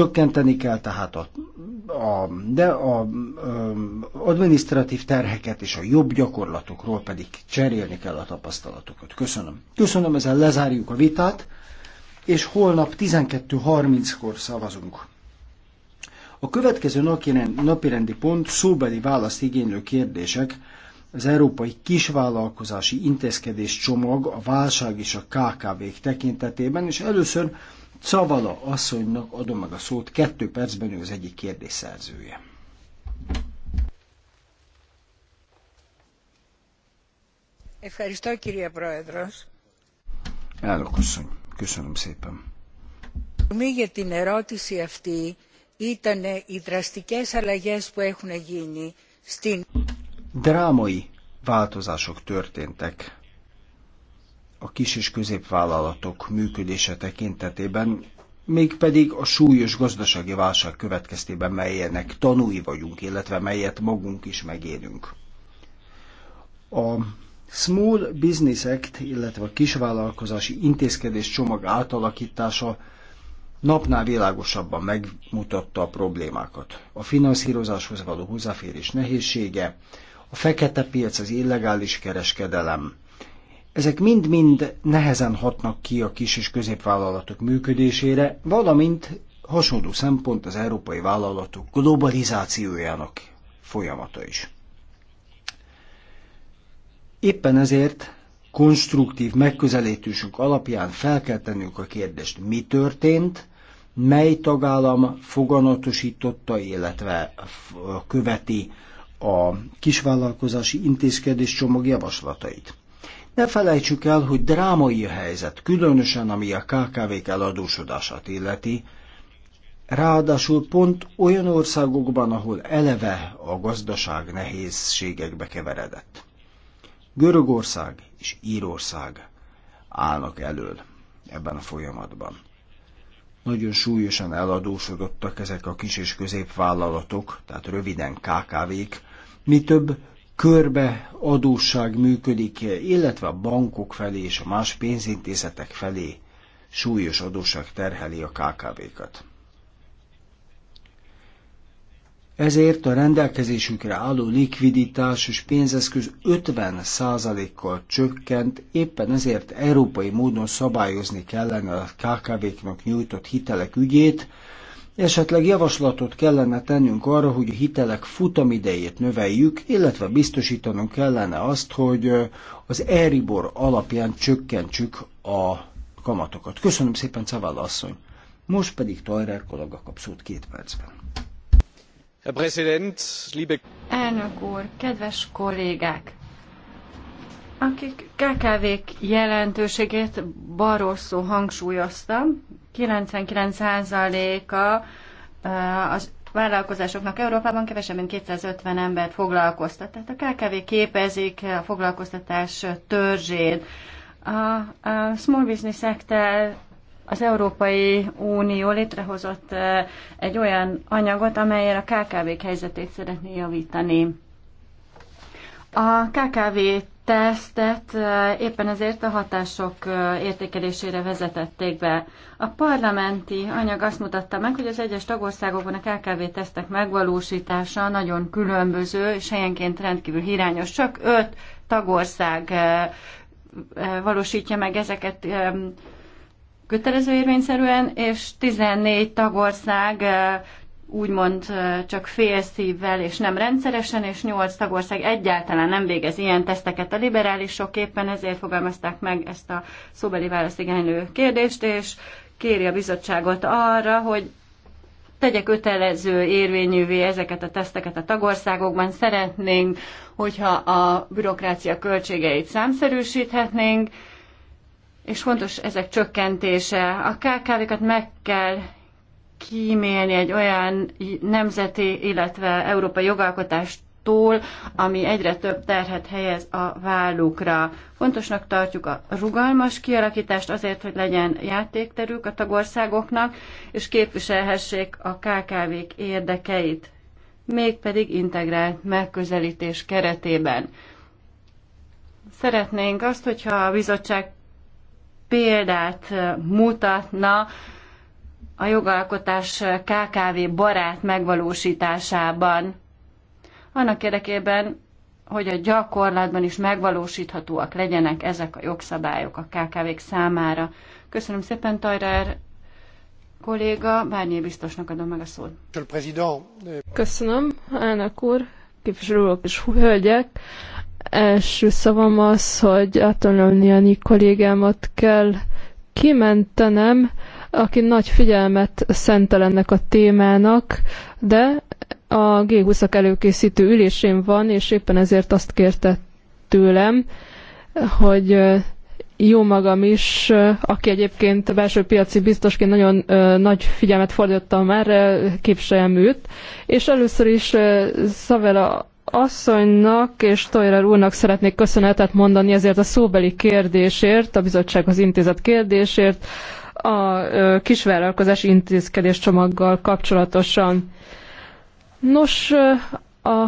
Csökkenteni kell tehát a, a, de a, ö, administratív terheket és a jobb gyakorlatokról pedig cserélni kell a tapasztalatokat. Köszönöm. Köszönöm, ezzel lezárjuk a vitát, és holnap 12.30-kor szavazunk. A következő napirendi pont szóbeli választ igénylő kérdések, az Európai Kisvállalkozási Intézkedés Csomag a válság és a KKV-k tekintetében, és először Cavala asszonynak adom meg a szót, kettő percben ő az egyik kérdés szerzője. Elnök asszony, köszönöm szépen. Még για την ερώτηση αυτή οι δραστικές αλλαγές που έχουν γίνει στην... Drámai változások történtek a kis és középvállalatok működése tekintetében, mégpedig a súlyos gazdasági válság következtében, melyenek tanúi vagyunk, illetve melyet magunk is megélünk. A Small Business Act, illetve a kisvállalkozási intézkedés csomag átalakítása napnál világosabban megmutatta a problémákat. A finanszírozáshoz való hozzáférés nehézsége, a fekete piac, az illegális kereskedelem, ezek mind-mind nehezen hatnak ki a kis és középvállalatok működésére, valamint hasonló szempont az európai vállalatok globalizációjának folyamata is. Éppen ezért konstruktív megközelítésünk alapján fel kell tennünk a kérdést, mi történt, mely tagállam foganatosította, illetve követi a kisvállalkozási intézkedés csomag javaslatait. Ne felejtsük el, hogy drámai a helyzet, különösen ami a KKV-k eladósodását illeti, ráadásul pont olyan országokban, ahol eleve a gazdaság nehézségekbe keveredett. Görögország és Írország állnak elől ebben a folyamatban. Nagyon súlyosan eladósodottak ezek a kis és középvállalatok, tehát röviden KKV-k, mi több körbe adósság működik, illetve a bankok felé és a más pénzintézetek felé súlyos adósság terheli a KKV-kat. Ezért a rendelkezésükre álló likviditás és pénzeszköz 50%-kal csökkent, éppen ezért európai módon szabályozni kellene a KKV-knak nyújtott hitelek ügyét, Esetleg javaslatot kellene tennünk arra, hogy a hitelek futamidejét növeljük, illetve biztosítanunk kellene azt, hogy az Eribor alapján csökkentsük a kamatokat. Köszönöm szépen, Cavalla asszony. Most pedig Tajrár kollega kap szót két percben. Herr Präsident, liebe... Elnök úr, kedves kollégák! akik KKV-k jelentőségét Barroso hangsúlyoztam. 99%-a az vállalkozásoknak Európában kevesebb, mint 250 embert foglalkoztat. Tehát a KKV képezik a foglalkoztatás törzsét. A, a Small Business Sector az Európai Unió létrehozott egy olyan anyagot, amelyen a KKV-k helyzetét szeretné javítani. A KKV tesztet eh, éppen ezért a hatások eh, értékelésére vezetették be. A parlamenti anyag azt mutatta meg, hogy az egyes tagországokban a KKV tesztek megvalósítása nagyon különböző, és helyenként rendkívül hirányos. Csak öt tagország eh, valósítja meg ezeket kötelező érvényszerűen, és 14 tagország úgymond csak fél szívvel és nem rendszeresen, és nyolc tagország egyáltalán nem végez ilyen teszteket a liberálisok, éppen ezért fogalmazták meg ezt a szóbeli válaszigénylő kérdést, és kéri a bizottságot arra, hogy tegye kötelező érvényűvé ezeket a teszteket a tagországokban. Szeretnénk, hogyha a bürokrácia költségeit számszerűsíthetnénk, és fontos ezek csökkentése. A KKV-kat meg kell kímélni egy olyan nemzeti, illetve európai jogalkotástól, ami egyre több terhet helyez a vállukra. Fontosnak tartjuk a rugalmas kialakítást azért, hogy legyen játékterük a tagországoknak, és képviselhessék a KKV-k érdekeit, mégpedig integrált megközelítés keretében. Szeretnénk azt, hogyha a bizottság példát mutatna, a jogalkotás KKV barát megvalósításában, annak érdekében, hogy a gyakorlatban is megvalósíthatóak legyenek ezek a jogszabályok a KKV-k számára. Köszönöm szépen, Tajrár kolléga, Bárnyi biztosnak adom meg a szót. Euh, Köszönöm, elnök úr, képviselők és hölgyek. Első szavam az, hogy Atonolniani kollégámat kell kimentenem, aki nagy figyelmet szentel ennek a témának, de a G20-ak előkészítő ülésén van, és éppen ezért azt kérte tőlem, hogy jó magam is, aki egyébként a belső piaci biztosként nagyon nagy figyelmet fordítottam erre képseljem őt. És először is Szavela asszonynak és Toyer úrnak szeretnék köszönetet mondani ezért a szóbeli kérdésért, a bizottsághoz intézett kérdésért, a kisvállalkozási intézkedés csomaggal kapcsolatosan. Nos, a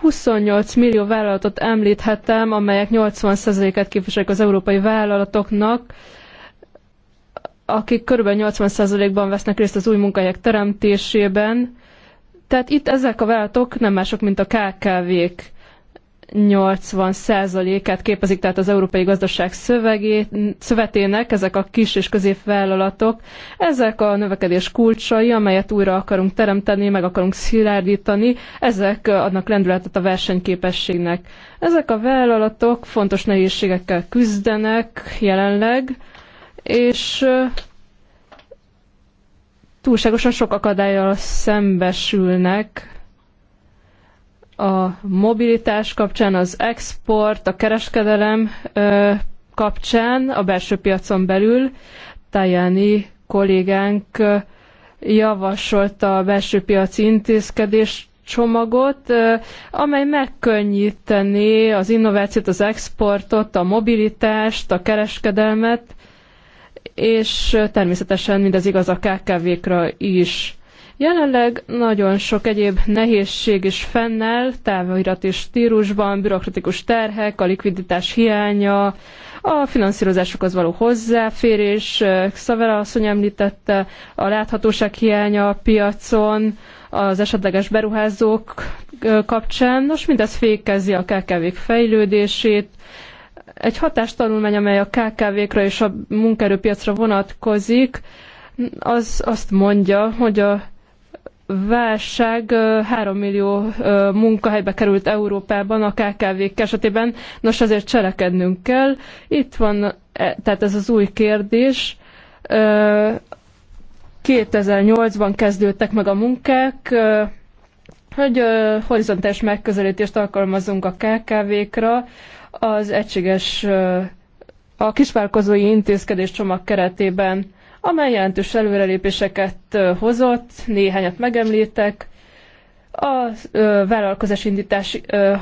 28 millió vállalatot említhetem, amelyek 80%-et képviselik az európai vállalatoknak, akik kb. 80%-ban vesznek részt az új munkahelyek teremtésében. Tehát itt ezek a vállalatok nem mások, mint a KKV-k. 80%-át képezik, tehát az európai gazdaság szövegét, szövetének, ezek a kis és középvállalatok, ezek a növekedés kulcsai, amelyet újra akarunk teremteni, meg akarunk szilárdítani, ezek adnak lendületet a versenyképességnek. Ezek a vállalatok fontos nehézségekkel küzdenek jelenleg, és túlságosan sok akadályal szembesülnek, a mobilitás kapcsán, az export, a kereskedelem kapcsán, a belső piacon belül. Tajani kollégánk javasolta a belső piaci intézkedést, csomagot, amely megkönnyítené az innovációt, az exportot, a mobilitást, a kereskedelmet, és természetesen mindez igaz a KKV-kra is. Jelenleg nagyon sok egyéb nehézség is fennáll, távirati és stílusban, bürokratikus terhek, a likviditás hiánya, a finanszírozásokhoz való hozzáférés, Xavera asszony említette, a láthatóság hiánya a piacon, az esetleges beruházók kapcsán. Nos, mindez fékezi a kkv fejlődését. Egy hatástanulmány, amely a KKV-kra és a munkaerőpiacra vonatkozik, az azt mondja, hogy a válság 3 millió munkahelybe került Európában a KKV-k esetében, nos azért cselekednünk kell. Itt van, e, tehát ez az új kérdés. 2008-ban kezdődtek meg a munkák, hogy horizontális megközelítést alkalmazunk a KKV-kra, az egységes a kisvállalkozói intézkedés csomag keretében amely jelentős előrelépéseket hozott, néhányat megemlítek. A ö, vállalkozás indítás ö,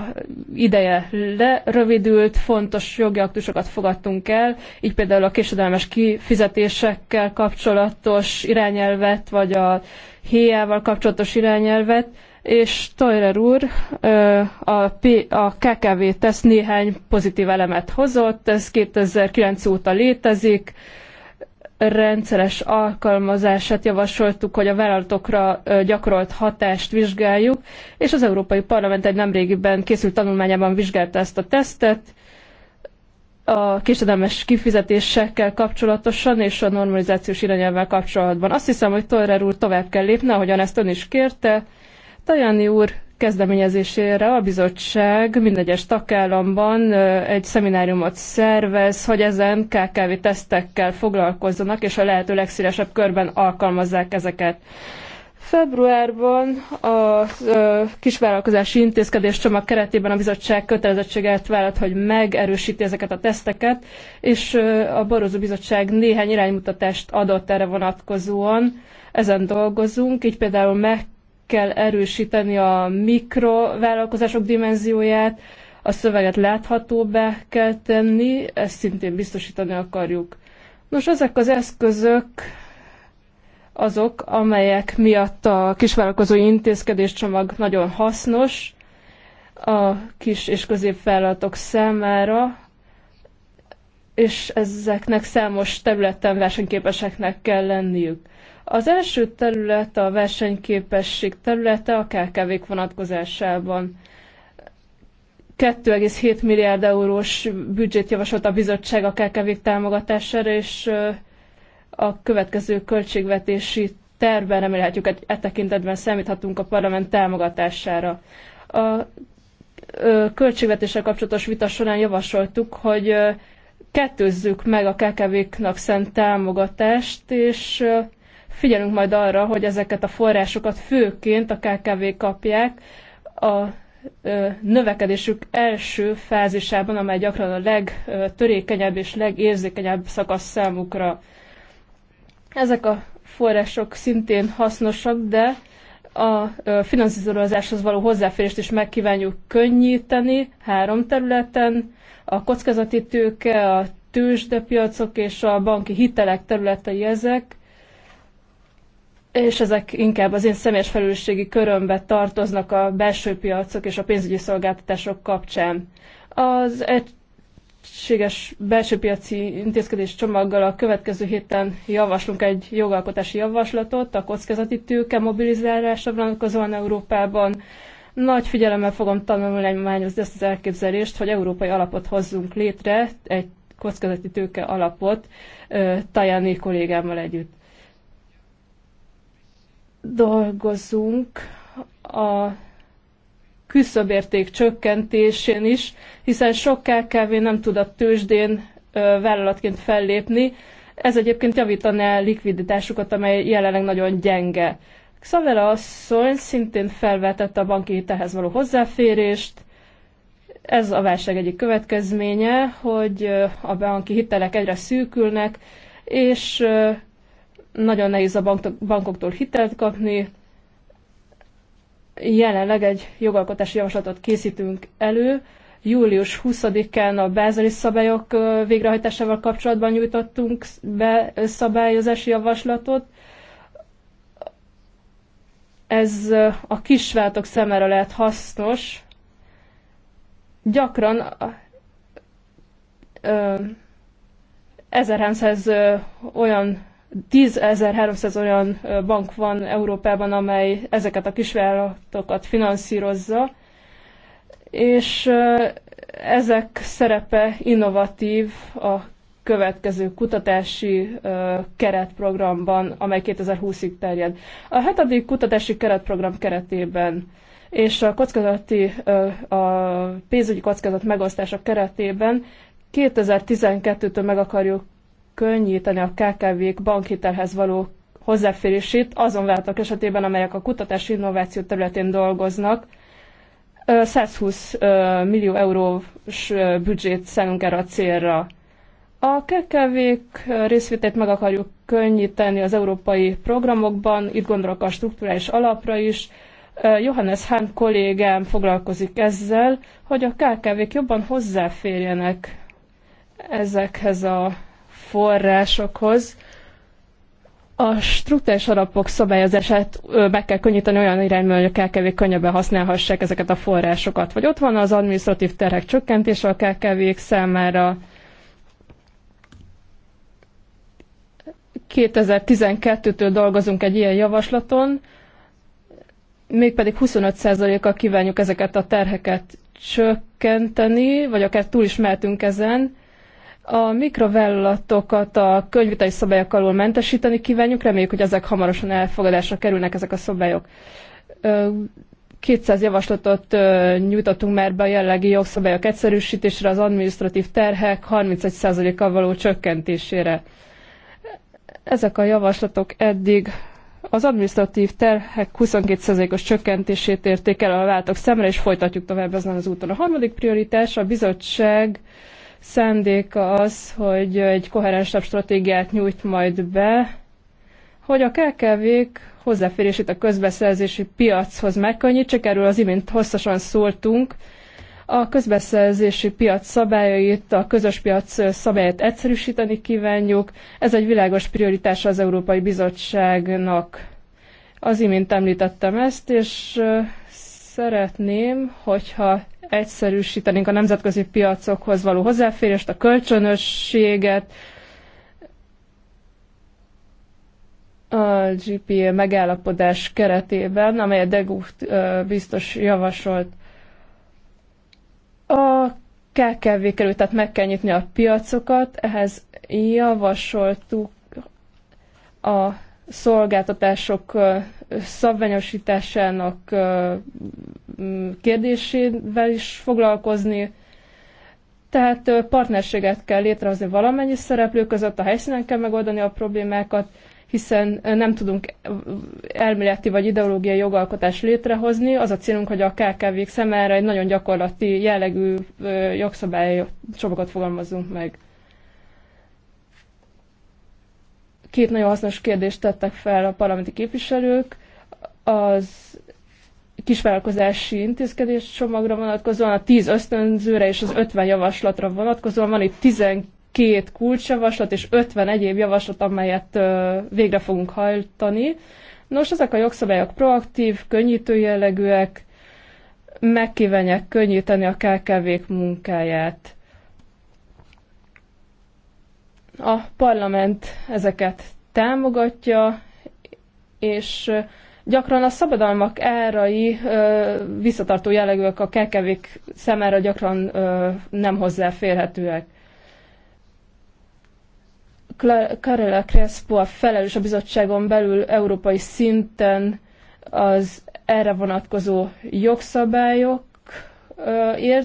ideje lerövidült, fontos jogi aktusokat fogadtunk el, így például a késedelmes kifizetésekkel kapcsolatos irányelvet, vagy a héjával kapcsolatos irányelvet, és Toyrer úr a, P, a KKV tesz néhány pozitív elemet hozott, ez 2009 óta létezik, rendszeres alkalmazását javasoltuk, hogy a vállalatokra gyakorolt hatást vizsgáljuk, és az Európai Parlament egy nemrégiben készült tanulmányában vizsgálta ezt a tesztet, a késedelmes kifizetésekkel kapcsolatosan és a normalizációs irányelvvel kapcsolatban. Azt hiszem, hogy Torrer úr tovább kell lépni, ahogyan ezt ön is kérte. Tajani úr kezdeményezésére a bizottság minden egyes tagállamban egy szemináriumot szervez, hogy ezen KKV tesztekkel foglalkozzanak, és a lehető legszélesebb körben alkalmazzák ezeket. Februárban a kisvállalkozási intézkedés csomag keretében a bizottság kötelezettséget vállalt, hogy megerősíti ezeket a teszteket, és a Borozó Bizottság néhány iránymutatást adott erre vonatkozóan. Ezen dolgozunk, így például meg kell erősíteni a mikrovállalkozások dimenzióját, a szöveget láthatóbbá kell tenni, ezt szintén biztosítani akarjuk. Nos, ezek az eszközök azok, amelyek miatt a kisvállalkozói intézkedéscsomag nagyon hasznos a kis és középvállalatok számára, és ezeknek számos területen versenyképeseknek kell lenniük. Az első terület a versenyképesség területe a kkv vonatkozásában. 2,7 milliárd eurós büdzsét javasolt a bizottság a kkv támogatására, és a következő költségvetési tervben remélhetjük, hogy e tekintetben számíthatunk a parlament támogatására. A költségvetéssel kapcsolatos vita során javasoltuk, hogy kettőzzük meg a KKV-knak szent támogatást, és figyelünk majd arra, hogy ezeket a forrásokat főként a KKV kapják a növekedésük első fázisában, amely gyakran a legtörékenyebb és legérzékenyebb szakasz számukra. Ezek a források szintén hasznosak, de a finanszírozáshoz való hozzáférést is megkívánjuk könnyíteni három területen, a kockázati tőke, a tőzsdepiacok és a banki hitelek területei ezek, és ezek inkább az én személyes felelősségi körömbe tartoznak a belső piacok és a pénzügyi szolgáltatások kapcsán. Az egységes belső piaci intézkedés csomaggal a következő héten javaslunk egy jogalkotási javaslatot a kockázati tőke mobilizálása vonatkozóan Európában, nagy figyelemmel fogom tanulmányozni ezt az elképzelést, hogy európai alapot hozzunk létre, egy kockázati tőke alapot Tajani kollégámmal együtt. Dolgozunk a küszöbérték csökkentésén is, hiszen sok KKV nem tud a tőzsdén vállalatként fellépni. Ez egyébként javítaná a likviditásukat, amely jelenleg nagyon gyenge. Xavera asszony szintén felvetette a banki hitelhez való hozzáférést. Ez a válság egyik következménye, hogy a banki hitelek egyre szűkülnek, és nagyon nehéz a bankoktól hitelt kapni. Jelenleg egy jogalkotási javaslatot készítünk elő. Július 20-án a bázali szabályok végrehajtásával kapcsolatban nyújtottunk be szabályozási javaslatot, ez a kisváltok szemére lehet hasznos. Gyakran ö, 1300 olyan 10.300 olyan bank van Európában, amely ezeket a kisvállalatokat finanszírozza, és ezek szerepe innovatív a következő kutatási keretprogramban, amely 2020-ig terjed. A hetedik kutatási keretprogram keretében és a kockázati, a pénzügyi kockázat megosztása keretében 2012-től meg akarjuk könnyíteni a KKV-k bankhitelhez való hozzáférését azon vállalatok esetében, amelyek a kutatási innováció területén dolgoznak. 120 millió eurós büdzsét szánunk erre a célra. A KKV-k részvétét meg akarjuk könnyíteni az európai programokban, itt gondolok a strukturális alapra is. Johannes Hahn kollégám foglalkozik ezzel, hogy a KKV-k jobban hozzáférjenek ezekhez a forrásokhoz. A struktúrális alapok szabályozását meg kell könnyíteni olyan irányban, hogy a KKV könnyebben használhassák ezeket a forrásokat. Vagy ott van az administratív terhek csökkentése a KKV-k számára, 2012-től dolgozunk egy ilyen javaslaton, mégpedig 25%-kal kívánjuk ezeket a terheket csökkenteni, vagy akár túl is mehetünk ezen. A mikrovállalatokat a könyvitai szabályok alól mentesíteni kívánjuk, reméljük, hogy ezek hamarosan elfogadásra kerülnek ezek a szabályok. 200 javaslatot nyújtottunk már be a jellegi jogszabályok egyszerűsítésére, az administratív terhek 31%-kal való csökkentésére. Ezek a javaslatok eddig az adminisztratív terhek 22%-os csökkentését érték el a váltok szemre, és folytatjuk tovább ezen az úton. A harmadik prioritás a bizottság szándéka az, hogy egy koherensebb stratégiát nyújt majd be, hogy a KKV-k hozzáférését a közbeszerzési piachoz megkönnyítsék, erről az imént hosszasan szóltunk, a közbeszerzési piac szabályait, a közös piac szabályát egyszerűsíteni kívánjuk. Ez egy világos prioritása az Európai Bizottságnak. Az imént említettem ezt, és szeretném, hogyha egyszerűsítenénk a nemzetközi piacokhoz való hozzáférést, a kölcsönösséget, a GPA megállapodás keretében, amelyet Degucht biztos javasolt. A KKV kerül, tehát meg kell nyitni a piacokat, ehhez javasoltuk a szolgáltatások szabványosításának kérdésével is foglalkozni. Tehát partnerséget kell létrehozni valamennyi szereplő között, a helyszínen kell megoldani a problémákat, hiszen nem tudunk elméleti vagy ideológiai jogalkotást létrehozni. Az a célunk, hogy a KKV-k szemére egy nagyon gyakorlati jellegű csomagot fogalmazunk meg. Két nagyon hasznos kérdést tettek fel a parlamenti képviselők. Az kisvállalkozási intézkedés csomagra vonatkozóan, a 10 ösztönzőre és az 50 javaslatra vonatkozóan van itt 12 két kulcsjavaslat és 50 egyéb javaslat, amelyet végre fogunk hajtani. Nos, ezek a jogszabályok proaktív, könnyítő jellegűek, megkívánják könnyíteni a KKV-k munkáját. A parlament ezeket támogatja, és gyakran a szabadalmak árai visszatartó jellegűek a KKV-k gyakran nem hozzáférhetőek. Karela Crespo a felelős a bizottságon belül európai szinten az erre vonatkozó jogszabályok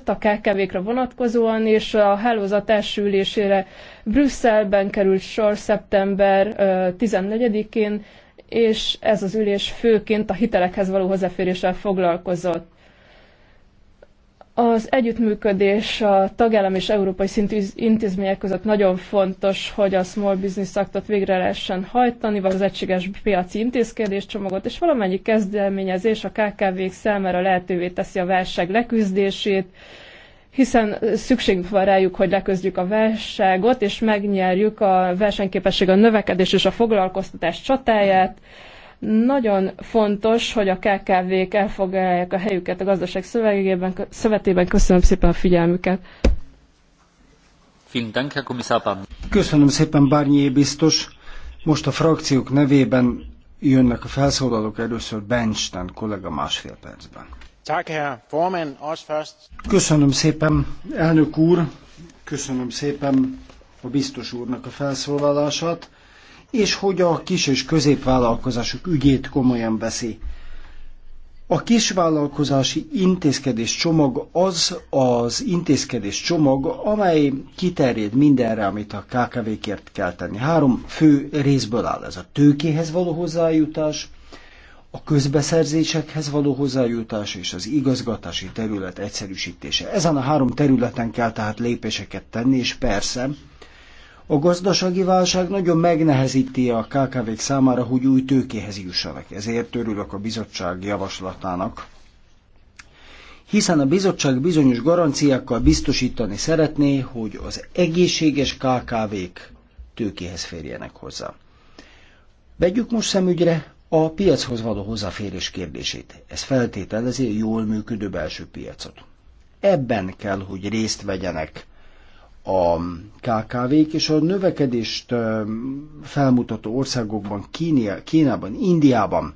a KKV-kra vonatkozóan, és a hálózat első ülésére Brüsszelben került sor szeptember 14-én, és ez az ülés főként a hitelekhez való hozzáféréssel foglalkozott. Az együttműködés a tagállam és európai szintű intézmények között nagyon fontos, hogy a Small Business Actot végre lehessen hajtani, vagy az egységes piaci intézkedés csomagot, és valamennyi kezdeményezés a KKV-k számára lehetővé teszi a válság leküzdését, hiszen szükségünk van rájuk, hogy leküzdjük a válságot, és megnyerjük a versenyképesség, a növekedés és a foglalkoztatás csatáját. Mm nagyon fontos, hogy a KKV-k elfoglalják a helyüket a gazdaság szövegében, szövetében. Köszönöm szépen a figyelmüket. Köszönöm szépen, Bárnyi biztos. Most a frakciók nevében jönnek a felszólalók, először Benchten kollega másfél percben. Köszönöm szépen, elnök úr, köszönöm szépen a biztos úrnak a felszólalását és hogy a kis és középvállalkozások ügyét komolyan veszi. A kisvállalkozási intézkedés csomag az az intézkedés csomag, amely kiterjed mindenre, amit a KKV-kért kell tenni. Három fő részből áll ez a tőkéhez való hozzájutás, a közbeszerzésekhez való hozzájutás és az igazgatási terület egyszerűsítése. Ezen a három területen kell tehát lépéseket tenni, és persze a gazdasági válság nagyon megnehezíti a kkv számára, hogy új tőkéhez jussanak. Ezért örülök a bizottság javaslatának, hiszen a bizottság bizonyos garanciákkal biztosítani szeretné, hogy az egészséges KKV-k tőkéhez férjenek hozzá. Vegyük most szemügyre a piachoz való hozzáférés kérdését. Ez feltételezi a jól működő belső piacot. Ebben kell, hogy részt vegyenek a KKV-k, és a növekedést felmutató országokban, Kínia, Kínában, Indiában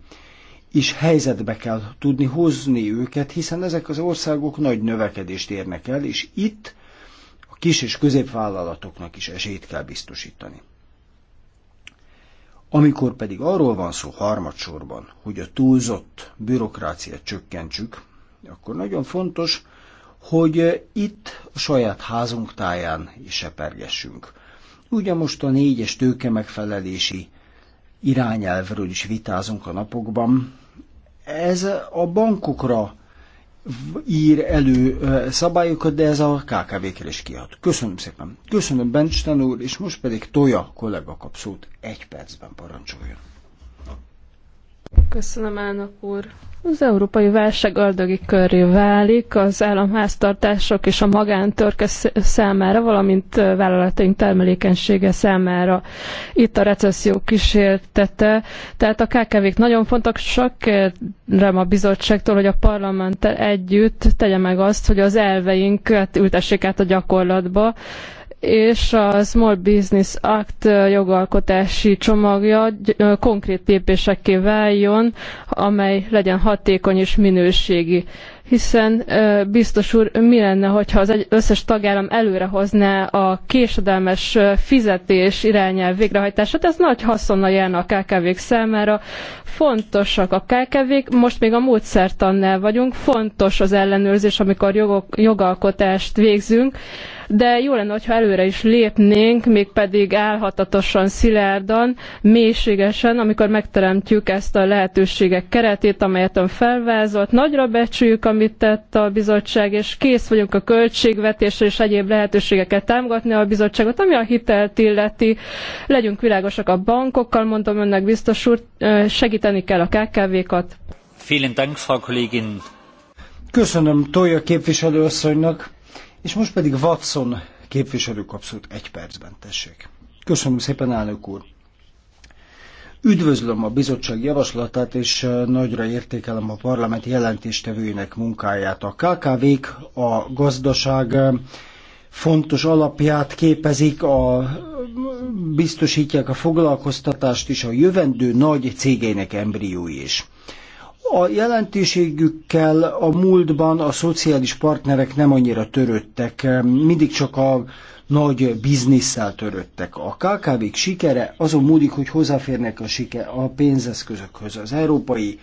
is helyzetbe kell tudni hozni őket, hiszen ezek az országok nagy növekedést érnek el, és itt a kis és középvállalatoknak is esélyt kell biztosítani. Amikor pedig arról van szó harmadsorban, hogy a túlzott bürokráciát csökkentsük, akkor nagyon fontos, hogy itt a saját házunk táján is sepergessünk. Ugye most a négyes tőke megfelelési irányelvről is vitázunk a napokban. Ez a bankokra ír elő szabályokat, de ez a KKV-kre is kihat. Köszönöm szépen. Köszönöm Bencsten úr, és most pedig Toja kollega kap szót. Egy percben parancsoljon. Köszönöm, elnök úr. Az európai válság ördögi körré válik az államháztartások és a magántörke számára, valamint vállalataink termelékenysége számára. Itt a recesszió kísértete, tehát a KKV-k nagyon fontosak, kérem a bizottságtól, hogy a parlamenttel együtt tegye meg azt, hogy az elveinket hát ültessék át a gyakorlatba, és a Small Business Act jogalkotási csomagja konkrét lépésekké váljon, amely legyen hatékony és minőségi. Hiszen biztos úr, mi lenne, hogyha az összes tagállam előrehozná a késedelmes fizetés irányelv végrehajtását? Ez nagy haszonnal járna a KKV-k számára. Fontosak a KKV-k, most még a módszertannál vagyunk, fontos az ellenőrzés, amikor jogok, jogalkotást végzünk, de jó lenne, hogyha előre is lépnénk, mégpedig álhatatosan, szilárdan, mélységesen, amikor megteremtjük ezt a lehetőségek keretét, amelyet ön felvázolt. Nagyra becsüljük, amit tett a bizottság, és kész vagyunk a költségvetésre és egyéb lehetőségeket támogatni a bizottságot, ami a hitelt illeti. Legyünk világosak a bankokkal, mondom önnek biztos úr, segíteni kell a KKV-kat. Vielen Dank, Frau Kollegin. Köszönöm Tolja képviselőasszonynak. És most pedig Watson képviselő kapszót egy percben tessék. Köszönöm szépen, elnök úr! Üdvözlöm a bizottság javaslatát, és nagyra értékelem a parlament jelentéstevőinek munkáját. A KKV-k a gazdaság fontos alapját képezik, a, biztosítják a foglalkoztatást is, a jövendő nagy cégeinek embriói is. A jelentőségükkel a múltban a szociális partnerek nem annyira törődtek, mindig csak a nagy bizniszsel törődtek. A KKV-k sikere azon múlik, hogy hozzáférnek a, siker, a pénzeszközökhöz. Az európai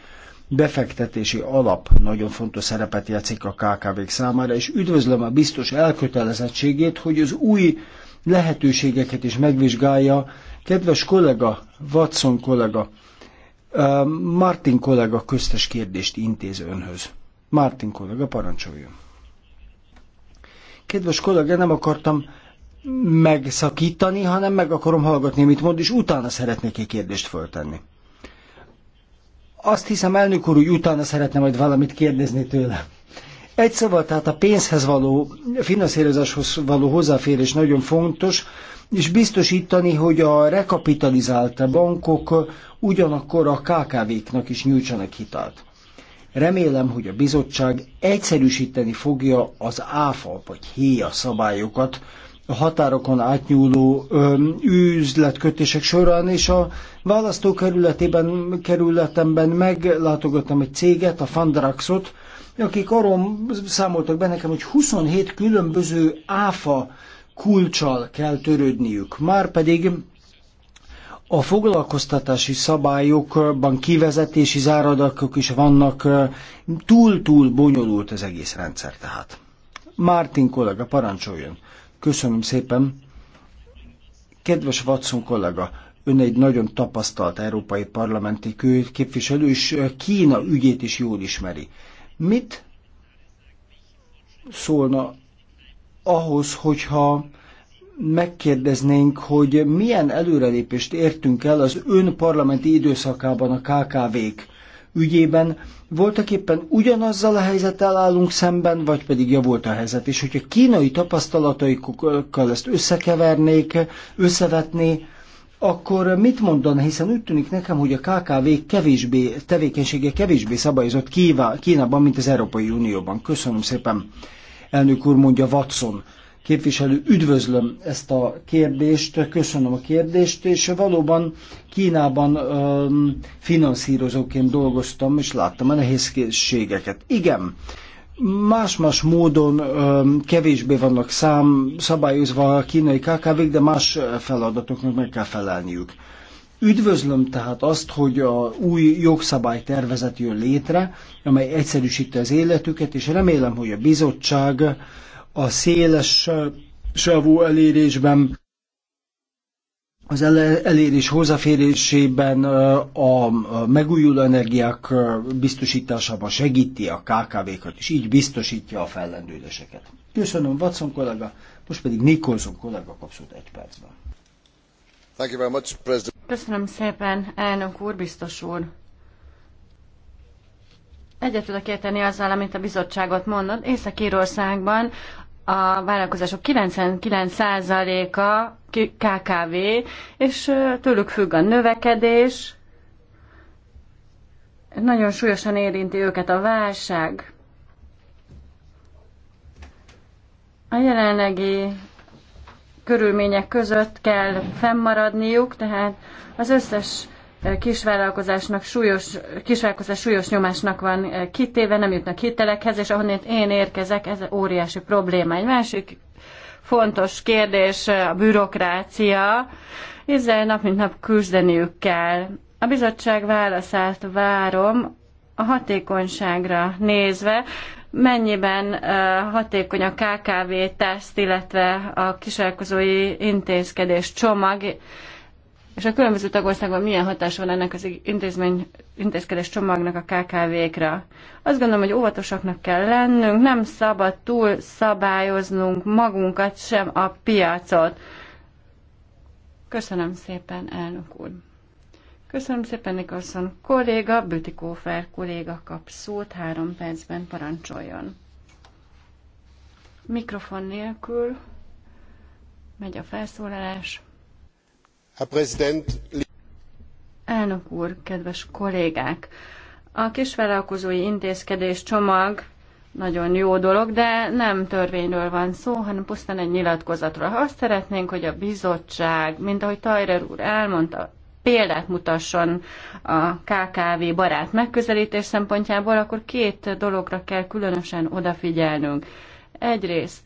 befektetési alap nagyon fontos szerepet játszik a KKV-k számára, és üdvözlöm a biztos elkötelezettségét, hogy az új lehetőségeket is megvizsgálja. Kedves kollega, Watson kollega, Martin kollega köztes kérdést intéz önhöz. Martin kollega, parancsoljon. Kedves kollega, nem akartam megszakítani, hanem meg akarom hallgatni, mit mond, és utána szeretnék egy kérdést föltenni. Azt hiszem, elnök úr, hogy utána szeretne majd valamit kérdezni tőle. Egy szóval, tehát a pénzhez való, finanszírozáshoz való hozzáférés nagyon fontos, és biztosítani, hogy a rekapitalizált bankok ugyanakkor a KKV-knak is nyújtsanak hitelt. Remélem, hogy a bizottság egyszerűsíteni fogja az áfa vagy héja szabályokat a határokon átnyúló ö, üzletkötések során, és a választókerületében kerületemben meglátogattam egy céget, a Fandraxot, akik arról számoltak be nekem, hogy 27 különböző áfa kulcsal kell törődniük. Márpedig pedig a foglalkoztatási szabályokban kivezetési záradékok is vannak, túl-túl bonyolult az egész rendszer tehát. Martin kollega, parancsoljon. Köszönöm szépen. Kedves Watson kollega, ön egy nagyon tapasztalt európai parlamenti képviselő, és Kína ügyét is jól ismeri. Mit szólna ahhoz, hogyha megkérdeznénk, hogy milyen előrelépést értünk el az ön parlamenti időszakában a KKV-k ügyében. Voltak éppen ugyanazzal a helyzettel állunk szemben, vagy pedig javult a helyzet. És hogyha kínai tapasztalataikkal ezt összekevernék, összevetné, akkor mit mondaná, hiszen úgy tűnik nekem, hogy a KKV kevésbé, tevékenysége kevésbé szabályozott Kínában, mint az Európai Unióban. Köszönöm szépen, elnök úr mondja Watson képviselő, üdvözlöm ezt a kérdést, köszönöm a kérdést, és valóban Kínában um, finanszírozóként dolgoztam, és láttam a nehézségeket. Igen, más-más módon um, kevésbé vannak szám, szabályozva a kínai kkv de más feladatoknak meg kell felelniük. Üdvözlöm tehát azt, hogy a új jogszabálytervezet jön létre, amely egyszerűsíti az életüket, és remélem, hogy a bizottság a széles savú elérésben, az elérés hozzáférésében a megújuló energiák biztosításában segíti a KKV-kat, és így biztosítja a fellendődéseket. Köszönöm, Watson kollega, most pedig Nikolson kollega kapszott egy percben. Thank you very much, President. Köszönöm szépen, elnök úr, biztos úr. Egyet tudok érteni azzal, amit a bizottságot mondott. Észak-Írországban a vállalkozások 99%-a KKV, és tőlük függ a növekedés. Nagyon súlyosan érinti őket a válság. A jelenlegi körülmények között kell fennmaradniuk, tehát az összes kisvállalkozásnak súlyos, kisvállalkozás súlyos nyomásnak van kitéve, nem jutnak hitelekhez, és ahonnan én érkezek, ez óriási probléma. Egy másik fontos kérdés a bürokrácia. Ezzel nap mint nap küzdeniük kell. A bizottság válaszát várom a hatékonyságra nézve, mennyiben hatékony a KKV teszt, illetve a kisvállalkozói intézkedés csomag, és a különböző tagországban milyen hatás van ennek az intézmény, intézkedés csomagnak a kkv kre Azt gondolom, hogy óvatosaknak kell lennünk, nem szabad túl szabályoznunk magunkat, sem a piacot. Köszönöm szépen, elnök úr. Köszönöm szépen, Nikolson kolléga, Bütikófer kolléga kap szót, három percben parancsoljon. Mikrofon nélkül megy a felszólalás. Elnök úr, kedves kollégák! A kisvállalkozói intézkedés csomag nagyon jó dolog, de nem törvényről van szó, hanem pusztán egy nyilatkozatról. Ha azt szeretnénk, hogy a bizottság, mint ahogy Tajrer úr elmondta, példát mutasson a KKV barát megközelítés szempontjából, akkor két dologra kell különösen odafigyelnünk. Egyrészt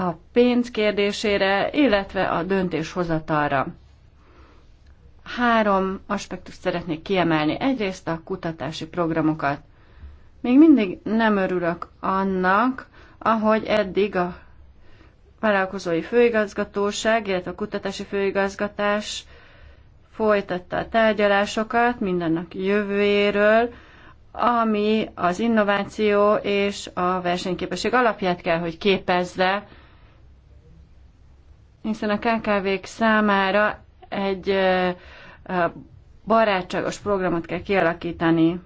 a pénz kérdésére, illetve a döntéshozatalra. Három aspektust szeretnék kiemelni. Egyrészt a kutatási programokat. Még mindig nem örülök annak, ahogy eddig a vállalkozói főigazgatóság, illetve a kutatási főigazgatás folytatta a tárgyalásokat mindennek jövőjéről, ami az innováció és a versenyképesség alapját kell, hogy képezze hiszen a KKV-k számára egy barátságos programot kell kialakítani.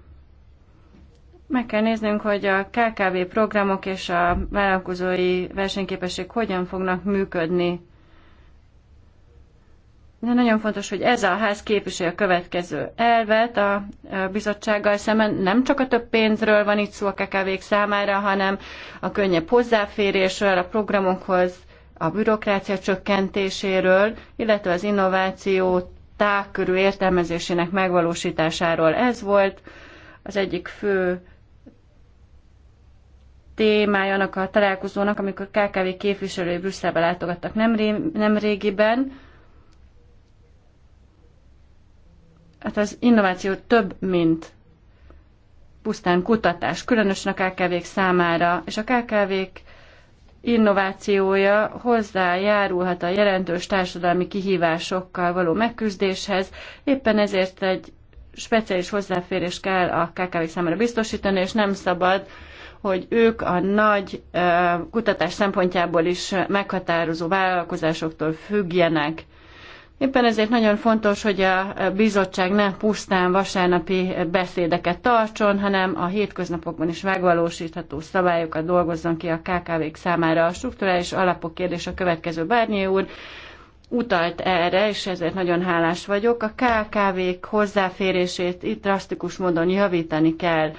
Meg kell néznünk, hogy a KKV programok és a vállalkozói versenyképesség hogyan fognak működni. De nagyon fontos, hogy ez a ház képviseli a következő elvet a bizottsággal szemben. Nem csak a több pénzről van itt szó a kkv számára, hanem a könnyebb hozzáférésről, a programokhoz, a bürokrácia csökkentéséről, illetve az innováció tágkörű értelmezésének megvalósításáról. Ez volt az egyik fő témája annak a találkozónak, amikor KKV képviselői Brüsszelbe látogattak nem régiben. Hát az innováció több, mint pusztán kutatás, különösen a KKV-k számára, és a KKV-k innovációja hozzájárulhat a jelentős társadalmi kihívásokkal való megküzdéshez, éppen ezért egy speciális hozzáférés kell a KKV számára biztosítani, és nem szabad, hogy ők a nagy kutatás szempontjából is meghatározó vállalkozásoktól függjenek. Éppen ezért nagyon fontos, hogy a bizottság ne pusztán vasárnapi beszédeket tartson, hanem a hétköznapokban is megvalósítható szabályokat dolgozzon ki a KKV-k számára. A strukturális alapok kérdés a következő Bárnyi úr utalt erre, és ezért nagyon hálás vagyok. A KKV-k hozzáférését itt drasztikus módon javítani kell.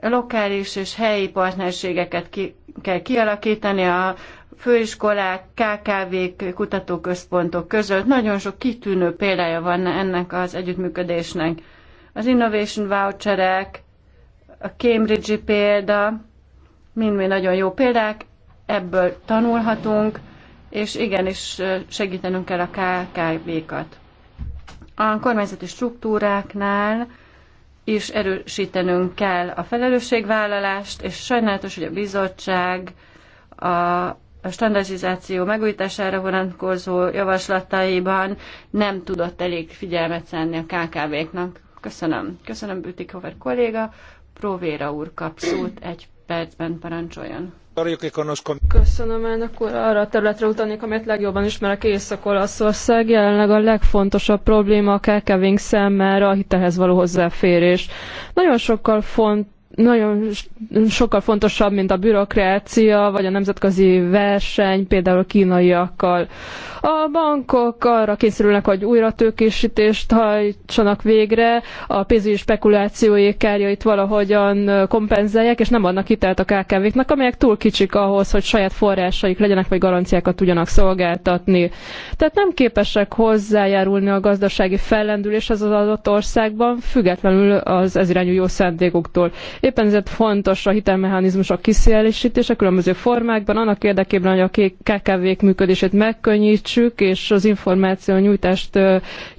Lokális és helyi partnerségeket ki kell kialakítani a főiskolák, KKV-k, kutatóközpontok között. Nagyon sok kitűnő példája van ennek az együttműködésnek. Az innovation voucherek, a Cambridge-i példa, mind-mind nagyon jó példák, ebből tanulhatunk, és igenis segítenünk kell a KKV-kat. A kormányzati struktúráknál is erősítenünk kell a felelősségvállalást, és sajnálatos, hogy a bizottság a a standardizáció megújítására vonatkozó javaslataiban nem tudott elég figyelmet szenni a KKV-knak. Köszönöm. Köszönöm, Hover kolléga. Provéra úr kap szót, egy percben parancsoljon. Köszönöm elnök úr, arra a területre utalnék, amit legjobban ismerek Észak-Olaszország. Jelenleg a legfontosabb probléma a KKV-nk számára a hitehez való hozzáférés. Nagyon sokkal font nagyon sokkal fontosabb, mint a bürokrácia, vagy a nemzetközi verseny, például a kínaiakkal. A bankok arra kényszerülnek, hogy újra tőkésítést hajtsanak végre, a pénzügyi spekulációi kárjait valahogyan kompenzálják, és nem adnak hitelt a KKV-knak, amelyek túl kicsik ahhoz, hogy saját forrásaik legyenek, vagy garanciákat tudjanak szolgáltatni. Tehát nem képesek hozzájárulni a gazdasági fellendüléshez az adott országban, függetlenül az ez irányú jó szándékuktól Éppen ezért fontos a hitelmechanizmusok kiszélesítése különböző formákban, annak érdekében, hogy a KKV-k működését megkönnyítsük, és az információ nyújtást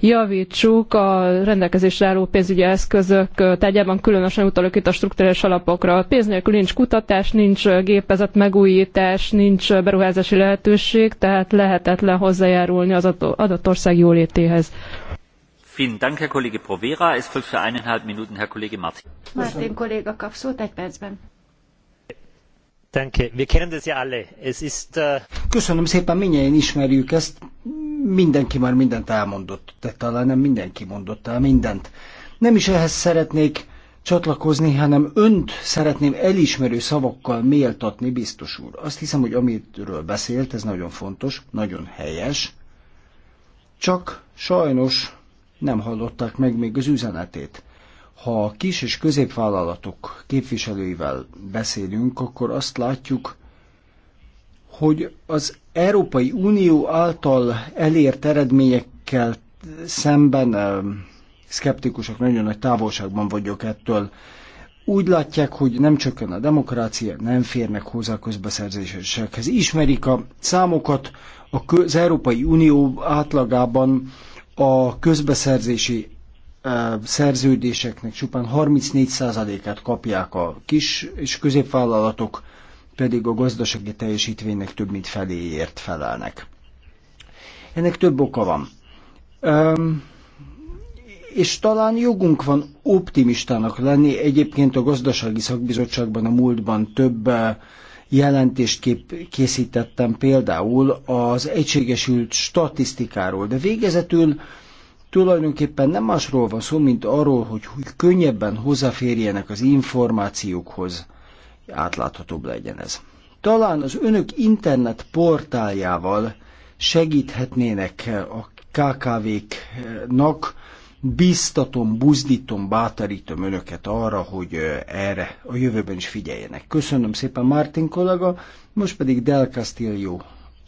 javítsuk a rendelkezésre álló pénzügyi eszközök tárgyában, különösen utalok itt a strukturális alapokra. pénz nélkül nincs kutatás, nincs gépezet megújítás, nincs beruházási lehetőség, tehát lehetetlen hozzájárulni az adott ország jólétéhez. Martin egy percben. Äh, Köszönöm szépen, minnyáján ismerjük ezt. Mindenki már mindent elmondott, de talán nem mindenki mondott el mindent. Nem is ehhez szeretnék csatlakozni, hanem önt szeretném elismerő szavakkal méltatni, biztos úr. Azt hiszem, hogy amitről beszélt, ez nagyon fontos, nagyon helyes, csak sajnos nem hallották meg még az üzenetét. Ha a kis és középvállalatok képviselőivel beszélünk, akkor azt látjuk, hogy az Európai Unió által elért eredményekkel szemben szkeptikusok nagyon nagy távolságban vagyok ettől. Úgy látják, hogy nem csökken a demokrácia, nem férnek hozzá a közbeszerzésekhez. Ismerik a számokat, az Európai Unió átlagában a közbeszerzési szerződéseknek csupán 34%-át kapják a kis és középvállalatok, pedig a gazdasági teljesítvénynek több mint feléért felelnek. Ennek több oka van. Um, és talán jogunk van optimistának lenni. Egyébként a gazdasági szakbizottságban a múltban több jelentést kép- készítettem például az egységesült statisztikáról, de végezetül tulajdonképpen nem másról van szó, mint arról, hogy, hogy könnyebben hozzáférjenek az információkhoz, átláthatóbb legyen ez. Talán az önök internet portáljával segíthetnének a KKV-knak, biztatom, buzdítom, bátorítom önöket arra, hogy erre a jövőben is figyeljenek. Köszönöm szépen Martin kollega, most pedig Del Castillo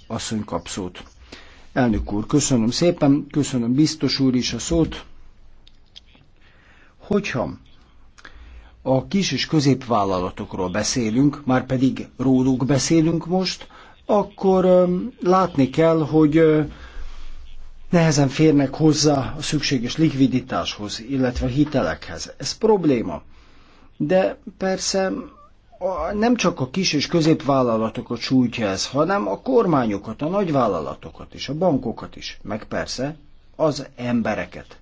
asszony kap szót. Elnök úr, köszönöm szépen, köszönöm biztos úr is a szót. Hogyha a kis és középvállalatokról beszélünk, már pedig róluk beszélünk most, akkor látni kell, hogy nehezen férnek hozzá a szükséges likviditáshoz, illetve hitelekhez. Ez probléma. De persze a, nem csak a kis és középvállalatokat sújtja ez, hanem a kormányokat, a nagyvállalatokat is, a bankokat is, meg persze az embereket,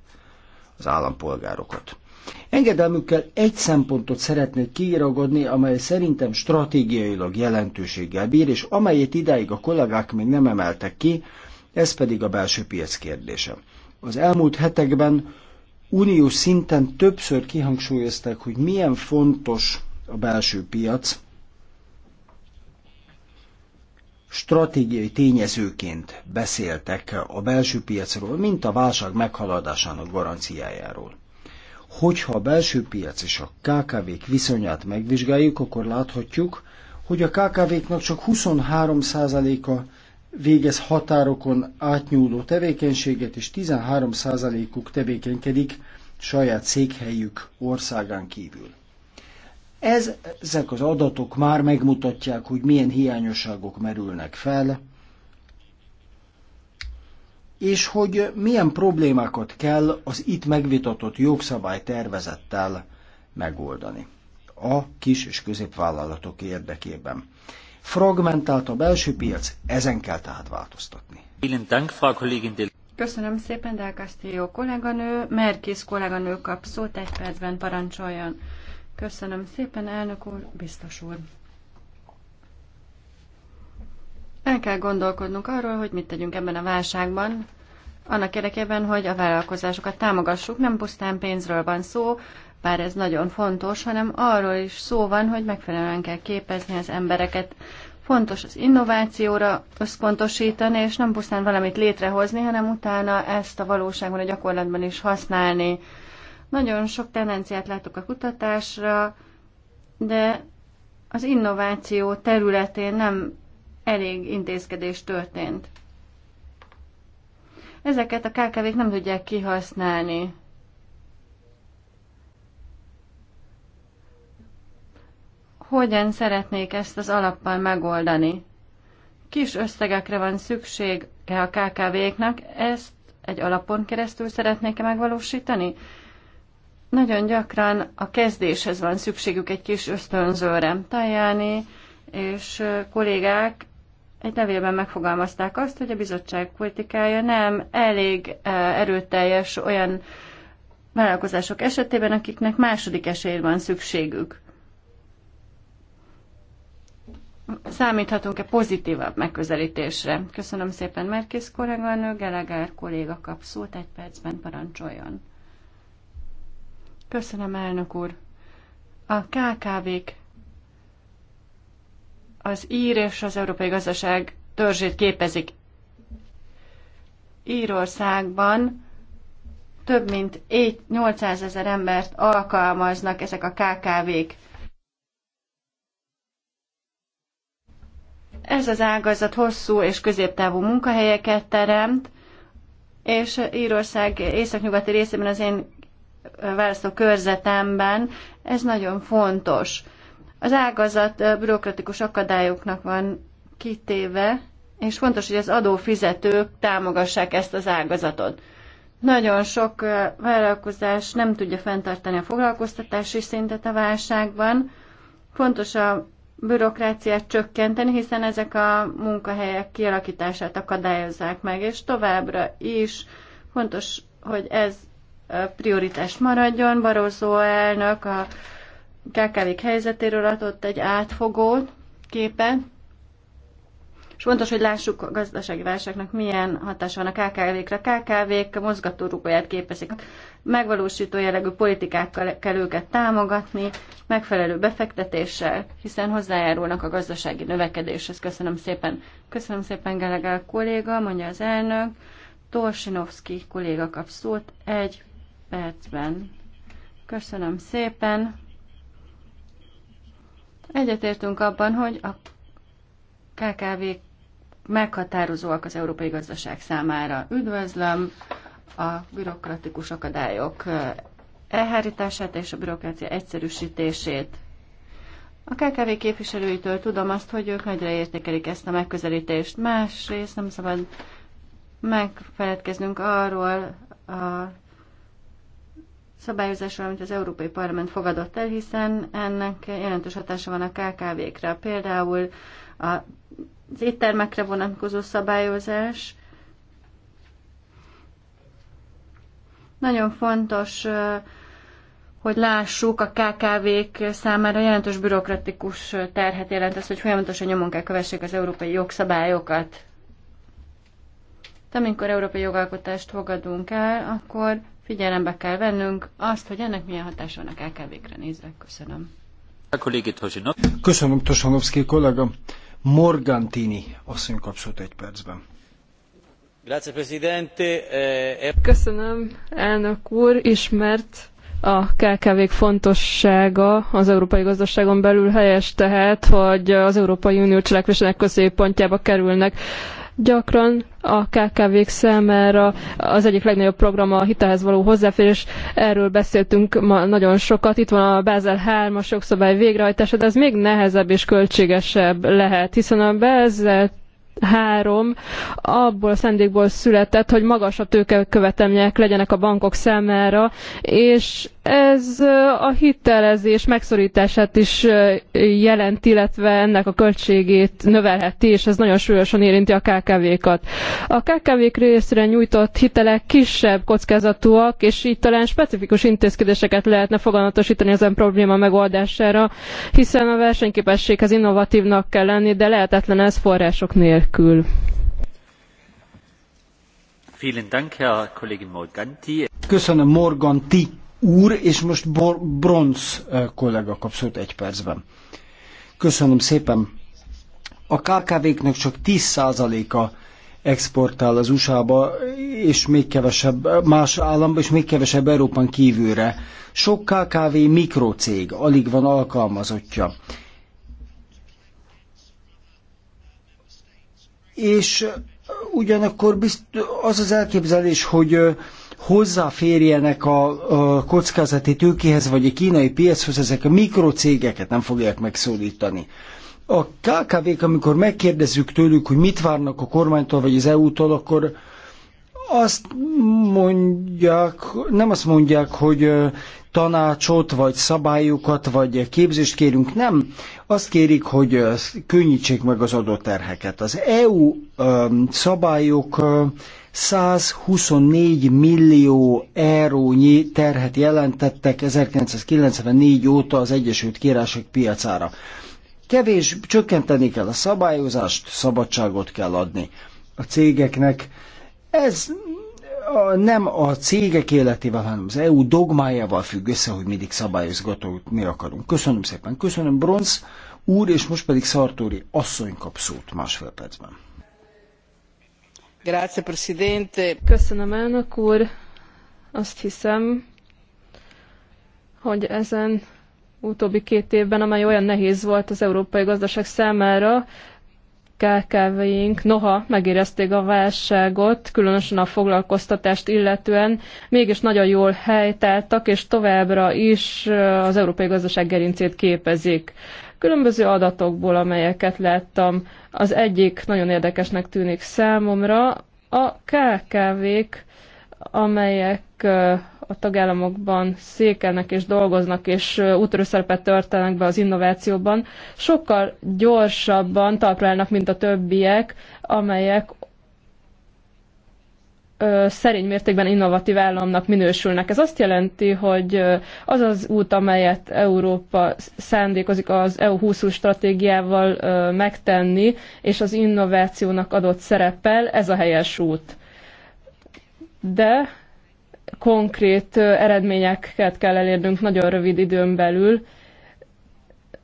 az állampolgárokat. Engedelmükkel egy szempontot szeretnék kiragadni, amely szerintem stratégiailag jelentőséggel bír, és amelyet idáig a kollégák még nem emeltek ki, ez pedig a belső piac kérdése. Az elmúlt hetekben uniós szinten többször kihangsúlyozták, hogy milyen fontos a belső piac stratégiai tényezőként beszéltek a belső piacról, mint a válság meghaladásának garanciájáról. Hogyha a belső piac és a KKV-k viszonyát megvizsgáljuk, akkor láthatjuk, hogy a KKV-knak csak 23%-a végez határokon átnyúló tevékenységet, és 13%-uk tevékenykedik saját székhelyük országán kívül. Ez, ezek az adatok már megmutatják, hogy milyen hiányosságok merülnek fel, és hogy milyen problémákat kell az itt megvitatott jogszabálytervezettel megoldani a kis és középvállalatok érdekében fragmentált a belső piac, ezen kell tehát változtatni. Köszönöm szépen, Del Castillo kolléganő. Merkész kolléganő kap szót, egy percben parancsoljon. Köszönöm szépen, elnök úr, biztos úr. El kell gondolkodnunk arról, hogy mit tegyünk ebben a válságban, annak érdekében, hogy a vállalkozásokat támogassuk. Nem pusztán pénzről van szó, bár ez nagyon fontos, hanem arról is szó van, hogy megfelelően kell képezni az embereket. Fontos az innovációra összpontosítani, és nem pusztán valamit létrehozni, hanem utána ezt a valóságban, a gyakorlatban is használni. Nagyon sok tendenciát látok a kutatásra, de az innováció területén nem elég intézkedés történt. Ezeket a KKV-k nem tudják kihasználni. Hogyan szeretnék ezt az alappal megoldani? Kis összegekre van szükség e a KKV-knak, ezt egy alapon keresztül szeretnék-e megvalósítani? Nagyon gyakran a kezdéshez van szükségük egy kis ösztönzőre. Tajáni és kollégák egy levélben megfogalmazták azt, hogy a bizottság politikája nem elég eh, erőteljes olyan vállalkozások esetében, akiknek második esélyre van szükségük. Számíthatunk-e pozitívabb megközelítésre? Köszönöm szépen Merkész kolléganő, Gelegár kolléga kap szót, egy percben parancsoljon. Köszönöm, elnök úr. A KKV-k az ír és az európai gazdaság törzsét képezik. Írországban több mint 800 ezer embert alkalmaznak ezek a KKV-k. Ez az ágazat hosszú és középtávú munkahelyeket teremt, és Írország északnyugati részében az én körzetemben ez nagyon fontos. Az ágazat bürokratikus akadályoknak van kitéve, és fontos, hogy az adófizetők támogassák ezt az ágazatot. Nagyon sok vállalkozás nem tudja fenntartani a foglalkoztatási szintet a válságban. Fontos a bürokráciát csökkenteni, hiszen ezek a munkahelyek kialakítását akadályozzák meg, és továbbra is fontos, hogy ez prioritás maradjon. Barozó elnök a kkv helyzetéről adott egy átfogó képe, és fontos, hogy lássuk a gazdasági válságnak milyen hatása van a KKV-kre. KKV-k mozgatórugóját képezik. Megvalósító jellegű politikákkal kell őket támogatni, megfelelő befektetéssel, hiszen hozzájárulnak a gazdasági növekedéshez. Köszönöm szépen. Köszönöm szépen, Gelegel kolléga, mondja az elnök. Torsinovski kolléga kap szót egy percben. Köszönöm szépen. Egyetértünk abban, hogy a KKV meghatározóak az európai gazdaság számára. Üdvözlöm a bürokratikus akadályok elhárítását és a bürokrácia egyszerűsítését. A KKV képviselőitől tudom azt, hogy ők nagyra értékelik ezt a megközelítést. Másrészt nem szabad megfeledkeznünk arról a szabályozásra, amit az Európai Parlament fogadott el, hiszen ennek jelentős hatása van a KKV-kre. Például az éttermekre vonatkozó szabályozás nagyon fontos, hogy lássuk, a KKV-k számára jelentős bürokratikus terhet jelent az, hogy folyamatosan nyomon kell kövessék az európai jogszabályokat. De amikor európai jogalkotást fogadunk el, akkor figyelembe kell vennünk azt, hogy ennek milyen hatása van a KKV-kre nézve. Köszönöm. Köszönöm, Tosanovszki kollega. Morgantini asszony kapcsolat egy percben. Eh, eh- Köszönöm, elnök úr, ismert a kkv fontossága az európai gazdaságon belül helyes tehát, hogy az Európai Unió cselekvésének középpontjába kerülnek. Gyakran a KKV-k számára az egyik legnagyobb program a hitelhez való hozzáférés. Erről beszéltünk ma nagyon sokat. Itt van a Bázel 3-as jogszabály végrehajtása, de ez még nehezebb és költségesebb lehet, hiszen a Bázel három abból a szándékból született, hogy magasabb tőkekövetelmények legyenek a bankok számára, és ez a hitelezés megszorítását is jelent, illetve ennek a költségét növelheti, és ez nagyon súlyosan érinti a KKV-kat. A KKV-k részre nyújtott hitelek kisebb kockázatúak, és így talán specifikus intézkedéseket lehetne foganatosítani ezen probléma megoldására, hiszen a versenyképességhez innovatívnak kell lenni, de lehetetlen ez források nélkül. Köszönöm Morganti úr, és most Bronz eh, kollega kap egy percben. Köszönöm szépen. A kkv knek csak 10%-a exportál az USA-ba, és még kevesebb más államba, és még kevesebb Európán kívülre. Sok KKV mikrocég, alig van alkalmazottja. És ugyanakkor bizt, az az elképzelés, hogy eh, hozzáférjenek a, a kockázati tőkéhez, vagy a kínai piachoz, ezek a mikrocégeket nem fogják megszólítani. A KKV-k, amikor megkérdezzük tőlük, hogy mit várnak a kormánytól vagy az EU-tól, akkor azt mondják, nem azt mondják, hogy tanácsot, vagy szabályokat, vagy képzést kérünk, nem. Azt kérik, hogy könnyítsék meg az adóterheket. Az EU szabályok 124 millió eurónyi terhet jelentettek 1994 óta az Egyesült Királyság piacára. Kevés, csökkenteni kell a szabályozást, szabadságot kell adni a cégeknek. Ez a, nem a cégek életével, hanem az EU dogmájával függ össze, hogy mindig szabályozgatót mi akarunk. Köszönöm szépen, köszönöm Bronz úr, és most pedig Szartóri asszony kap szót másfél percben. Köszönöm, elnök úr. Azt hiszem, hogy ezen utóbbi két évben, amely olyan nehéz volt az európai gazdaság számára, KKV-ink noha megérezték a válságot, különösen a foglalkoztatást illetően, mégis nagyon jól helytálltak és továbbra is az európai gazdaság gerincét képezik. Különböző adatokból, amelyeket láttam, az egyik nagyon érdekesnek tűnik számomra, a KKV-k, amelyek a tagállamokban székelnek és dolgoznak, és útörő szerepet törtenek be az innovációban, sokkal gyorsabban talpra mint a többiek, amelyek szerény mértékben innovatív államnak minősülnek. Ez azt jelenti, hogy az az út, amelyet Európa szándékozik az EU 20 stratégiával megtenni, és az innovációnak adott szerepel, ez a helyes út. De konkrét eredményeket kell elérnünk nagyon rövid időn belül,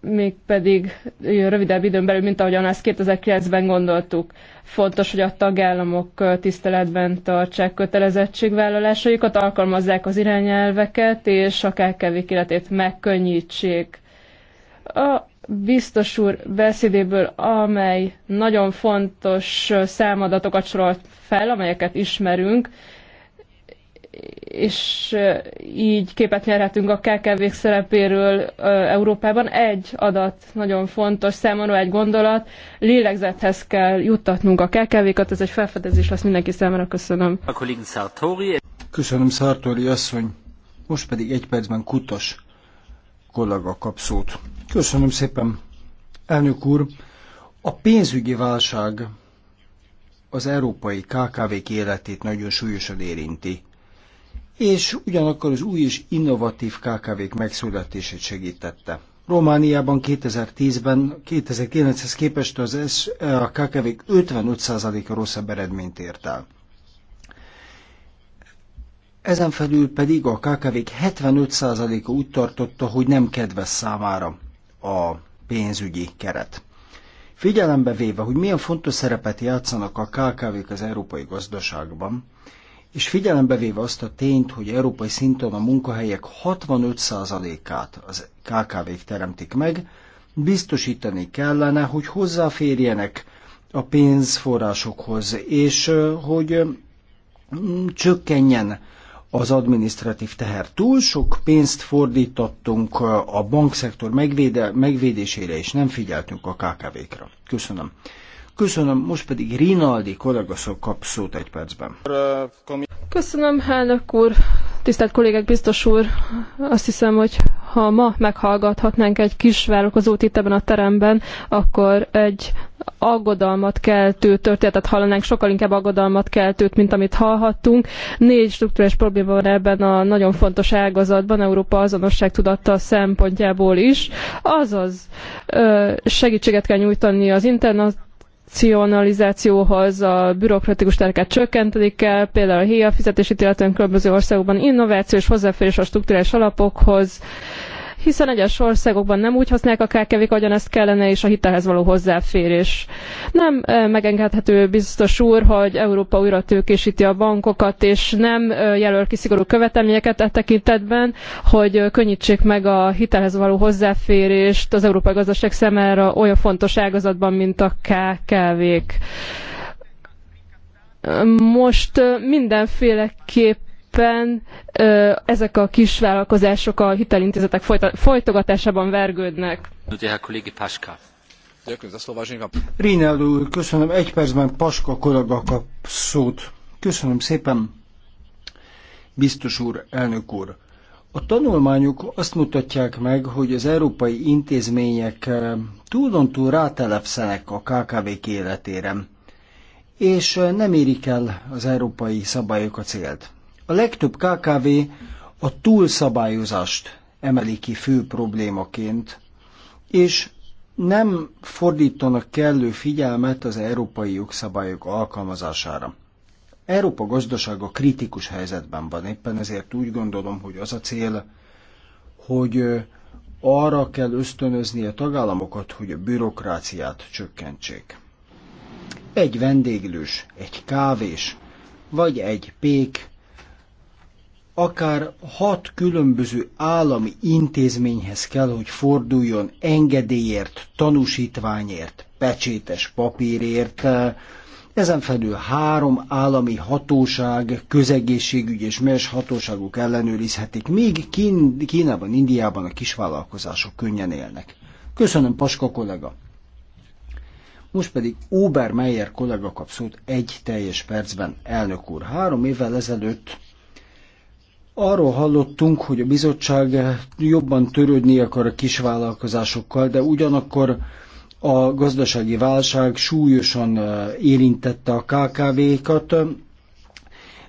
mégpedig rövidebb időn belül, mint ahogyan ezt 2009-ben gondoltuk. Fontos, hogy a tagállamok tiszteletben tartsák kötelezettségvállalásaikat, alkalmazzák az irányelveket, és a KKV életét megkönnyítsék. A biztos úr beszédéből, amely nagyon fontos számadatokat sorolt fel, amelyeket ismerünk, és így képet nyerhetünk a kkv szerepéről Európában. Egy adat nagyon fontos számomra, egy gondolat. Lélegzethez kell juttatnunk a KKV-kat, ez egy felfedezés lesz mindenki számára. Köszönöm. A Sartori. Köszönöm, Sartori asszony. Most pedig egy percben kutas kollega kap szót. Köszönöm szépen. Elnök úr, a pénzügyi válság az európai KKV-k életét nagyon súlyosan érinti és ugyanakkor az új és innovatív KKV-k megszületését segítette. Romániában 2010-ben 2009-hez képest az a KKV-k 55%-a rosszabb eredményt ért el. Ezen felül pedig a KKV-k 75%-a úgy tartotta, hogy nem kedves számára a pénzügyi keret. Figyelembe véve, hogy milyen fontos szerepet játszanak a KKV-k az európai gazdaságban, és figyelembe véve azt a tényt, hogy európai szinten a munkahelyek 65%-át az KKV-k teremtik meg, biztosítani kellene, hogy hozzáférjenek a pénzforrásokhoz, és hogy csökkenjen az adminisztratív teher. Túl sok pénzt fordítottunk a bankszektor megvéde, megvédésére, és nem figyeltünk a KKV-kra. Köszönöm. Köszönöm, most pedig Rinaldi kollégaszok kap szót egy percben. Köszönöm, elnök úr. Tisztelt kollégek, biztos úr, azt hiszem, hogy ha ma meghallgathatnánk egy kis vállalkozót itt ebben a teremben, akkor egy aggodalmat keltő történetet hallanánk, sokkal inkább aggodalmat keltőt, mint amit hallhattunk. Négy struktúrás probléma van ebben a nagyon fontos ágazatban, Európa tudatta szempontjából is. Azaz segítséget kell nyújtani az internet racionalizációhoz, a bürokratikus tereket csökkenteni kell, például a héja fizetési illetően különböző országokban innovációs hozzáférés a strukturális alapokhoz, hiszen egyes országokban nem úgy használják a KKV-k, ahogyan ezt kellene, és a hitelhez való hozzáférés. Nem megengedhető biztos úr, hogy Európa újra tőkésíti a bankokat, és nem jelöl ki szigorú követelményeket e tekintetben, hogy könnyítsék meg a hitelhez való hozzáférést az európai gazdaság számára olyan fontos ágazatban, mint a KKV-k. Most mindenféleképpen éppen ezek a kisvállalkozások a hitelintézetek folytogatásában vergődnek. Hát, Rínel úr, köszönöm. Egy percben Paska kollega kap szót. Köszönöm szépen. Biztos úr, elnök úr. A tanulmányok azt mutatják meg, hogy az európai intézmények túlontúl rátelepszenek a KKV-k életére, és nem érik el az európai szabályok a célt. A legtöbb KKV a túlszabályozást emeli ki fő problémaként, és nem fordítanak kellő figyelmet az európai jogszabályok alkalmazására. Európa gazdasága kritikus helyzetben van, éppen ezért úgy gondolom, hogy az a cél, hogy arra kell ösztönözni a tagállamokat, hogy a bürokráciát csökkentsék. Egy vendéglős, egy kávés, vagy egy pék akár hat különböző állami intézményhez kell, hogy forduljon engedélyért, tanúsítványért, pecsétes papírért, ezen felül három állami hatóság, közegészségügy és más hatóságok ellenőrizhetik, míg Kín- Kínában, Indiában a kisvállalkozások könnyen élnek. Köszönöm, Paska kollega! Most pedig Meyer kollega kap szót egy teljes percben, elnök úr. Három évvel ezelőtt Arról hallottunk, hogy a bizottság jobban törődni akar a kisvállalkozásokkal, de ugyanakkor a gazdasági válság súlyosan eh, érintette a KKV-kat,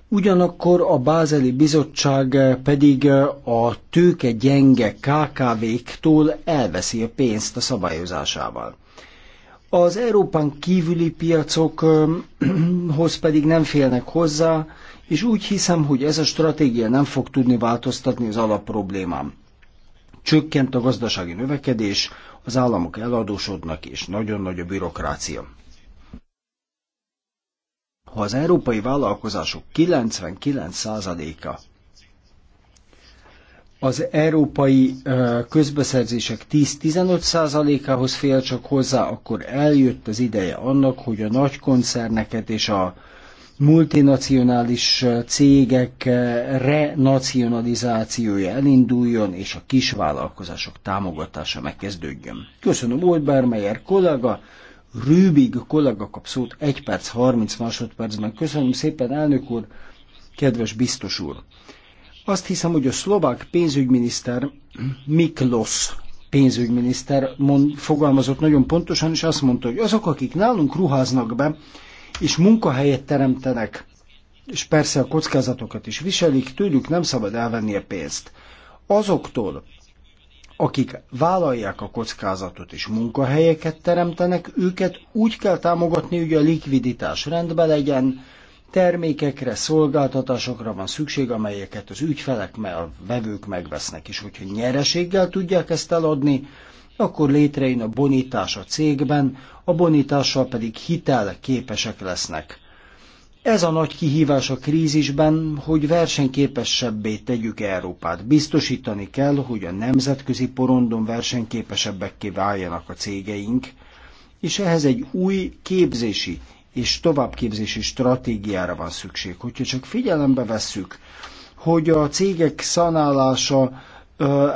ugyanakkor a Bázeli Bizottság eh, pedig eh, a tőke gyenge KKV-któl elveszi a pénzt a szabályozásával. Az Európán kívüli piacokhoz pedig nem félnek hozzá, és úgy hiszem, hogy ez a stratégia nem fog tudni változtatni az alapproblémám. Csökkent a gazdasági növekedés, az államok eladósodnak, és nagyon nagy a bürokrácia. Ha az európai vállalkozások 99%-a az európai közbeszerzések 10-15%-ához fél csak hozzá, akkor eljött az ideje annak, hogy a nagy koncerneket és a multinacionális cégek renacionalizációja elinduljon, és a kisvállalkozások támogatása megkezdődjön. Köszönöm Meyer kollega, Rübig kollega kap szót 1 perc 30 másodpercben. Köszönöm szépen, elnök úr, kedves biztos úr. Azt hiszem, hogy a szlovák pénzügyminiszter Miklos pénzügyminiszter mond, fogalmazott nagyon pontosan, és azt mondta, hogy azok, akik nálunk ruháznak be, és munkahelyet teremtenek, és persze a kockázatokat is viselik, tőlük nem szabad elvenni a pénzt. Azoktól, akik vállalják a kockázatot és munkahelyeket teremtenek, őket úgy kell támogatni, hogy a likviditás rendben legyen, termékekre, szolgáltatásokra van szükség, amelyeket az ügyfelek, a vevők megvesznek, és hogyha nyereséggel tudják ezt eladni, akkor létrejön a bonitás a cégben, a bonitással pedig hitel képesek lesznek. Ez a nagy kihívás a krízisben, hogy versenyképesebbé tegyük Európát. Biztosítani kell, hogy a nemzetközi porondon versenyképesebbeké váljanak a cégeink, és ehhez egy új képzési és továbbképzési stratégiára van szükség. Hogyha csak figyelembe vesszük, hogy a cégek szanálása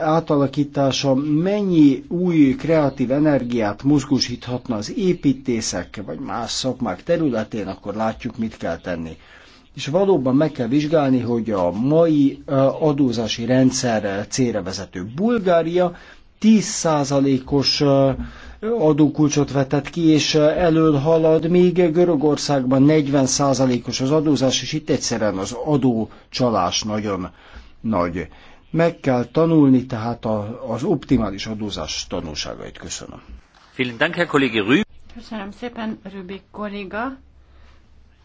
átalakítása mennyi új kreatív energiát mozgósíthatna az építészek vagy más szakmák területén, akkor látjuk, mit kell tenni. És valóban meg kell vizsgálni, hogy a mai adózási rendszer célra vezető Bulgária 10%-os adókulcsot vetett ki, és elől halad, még Görögországban 40%-os az adózás, és itt egyszerűen az adócsalás nagyon nagy. Meg kell tanulni tehát a, az optimális adózás tanulságait. Köszönöm. Köszönöm szépen, Rübik kolléga.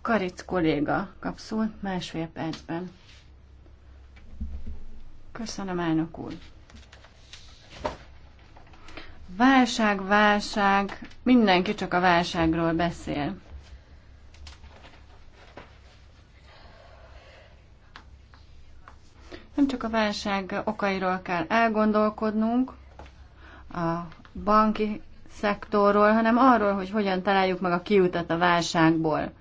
Karic kolléga kapszul másfél percben. Köszönöm, elnök úr. Válság, válság, mindenki csak a válságról beszél. Nem csak a válság okairól kell elgondolkodnunk, a banki szektorról, hanem arról, hogy hogyan találjuk meg a kiutat a válságból.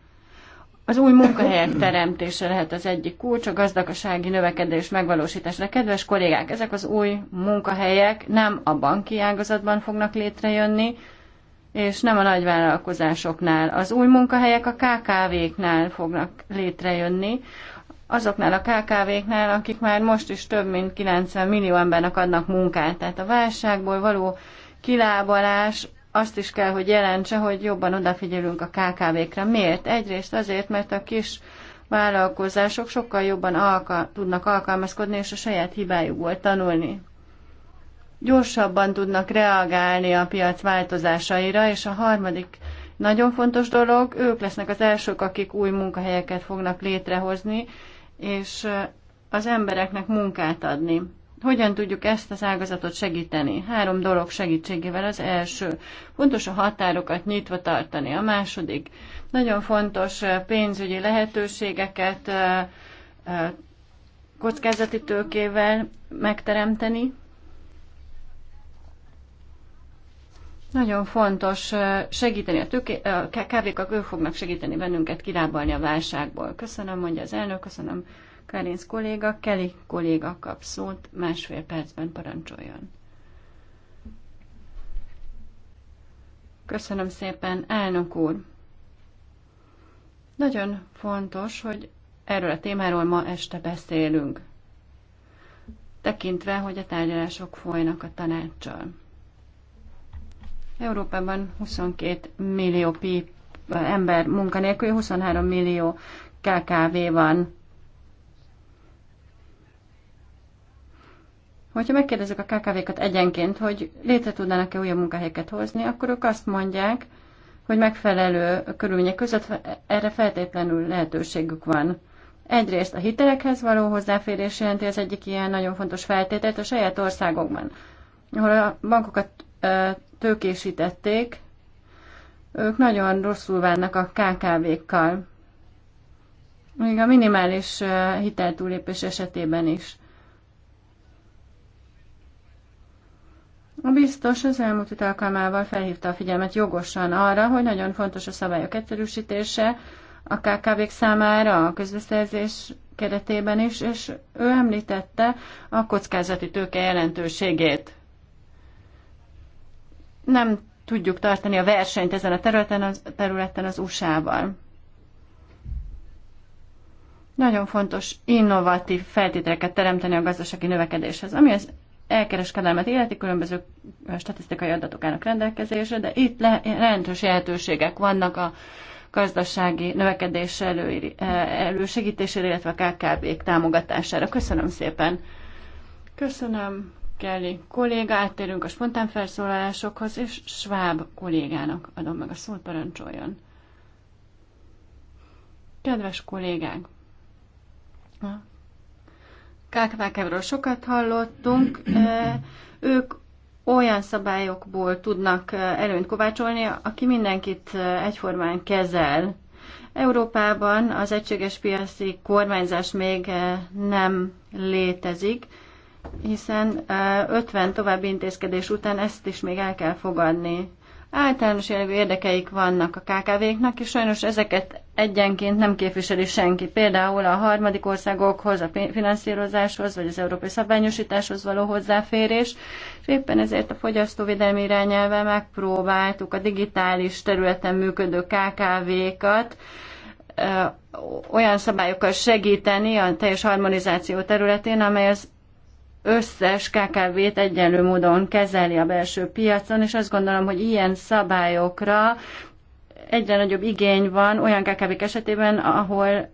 Az új munkahelyek teremtése lehet az egyik kulcs, a gazdasági növekedés megvalósításra. Kedves kollégák, ezek az új munkahelyek nem a banki ágazatban fognak létrejönni, és nem a nagyvállalkozásoknál. Az új munkahelyek a KKV-knál fognak létrejönni, azoknál a KKV-knál, akik már most is több mint 90 millió embernek adnak munkát. Tehát a válságból való kilábalás azt is kell, hogy jelentse, hogy jobban odafigyelünk a KKV-kre. Miért? Egyrészt azért, mert a kis vállalkozások sokkal jobban alka- tudnak alkalmazkodni, és a saját hibájukból tanulni. Gyorsabban tudnak reagálni a piac változásaira, és a harmadik nagyon fontos dolog, ők lesznek az elsők, akik új munkahelyeket fognak létrehozni, és az embereknek munkát adni. Hogyan tudjuk ezt az ágazatot segíteni? Három dolog segítségével. Az első, fontos a határokat nyitva tartani. A második, nagyon fontos pénzügyi lehetőségeket kockázati tőkével megteremteni. Nagyon fontos segíteni a, tüké, a kávékak, ők fognak segíteni bennünket kilábalni a válságból. Köszönöm, mondja az elnök, köszönöm Karinsz kolléga, Keli kolléga kap szót, másfél percben parancsoljon. Köszönöm szépen, elnök úr. Nagyon fontos, hogy erről a témáról ma este beszélünk, tekintve, hogy a tárgyalások folynak a tanácssal. Európában 22 millió pi ember munkanélkül, 23 millió KKV van. Hogyha megkérdezzük a KKV-kat egyenként, hogy létre tudnának-e újabb munkahelyeket hozni, akkor ők azt mondják, hogy megfelelő körülmények között erre feltétlenül lehetőségük van. Egyrészt a hitelekhez való hozzáférés jelenti az egyik ilyen nagyon fontos feltételt a saját országokban, ahol a bankokat tőkésítették, ők nagyon rosszul vannak a KKV-kkal. Még a minimális hiteltúlépés esetében is. A biztos az elmúlt itt alkalmával felhívta a figyelmet jogosan arra, hogy nagyon fontos a szabályok egyszerűsítése a KKV-k számára a közbeszerzés keretében is, és ő említette a kockázati tőke jelentőségét nem tudjuk tartani a versenyt ezen a területen az, területen az USA-val. Nagyon fontos innovatív feltételeket teremteni a gazdasági növekedéshez, ami az elkereskedelmet illeti különböző statisztikai adatokának rendelkezésre, de itt le- jelentős lehetőségek vannak a gazdasági növekedés elő- elősegítésére, illetve a KKV-k támogatására. Köszönöm szépen! Köszönöm Kelly kolléga, áttérünk a spontán felszólalásokhoz, és Schwab kollégának adom meg a szót, parancsoljon. Kedves kollégák! Kákvákevről sokat hallottunk, ők olyan szabályokból tudnak előnyt kovácsolni, aki mindenkit egyformán kezel. Európában az egységes piaci kormányzás még nem létezik, hiszen 50 további intézkedés után ezt is még el kell fogadni. Általános jellegű érdekeik vannak a KKV-knak, és sajnos ezeket egyenként nem képviseli senki. Például a harmadik országokhoz, a finanszírozáshoz, vagy az európai szabványosításhoz való hozzáférés, és éppen ezért a fogyasztóvédelmi irányelvvel megpróbáltuk a digitális területen működő KKV-kat, olyan szabályokkal segíteni a teljes harmonizáció területén, amely az összes KKV-t egyenlő módon kezeli a belső piacon, és azt gondolom, hogy ilyen szabályokra egyre nagyobb igény van olyan kkv esetében, ahol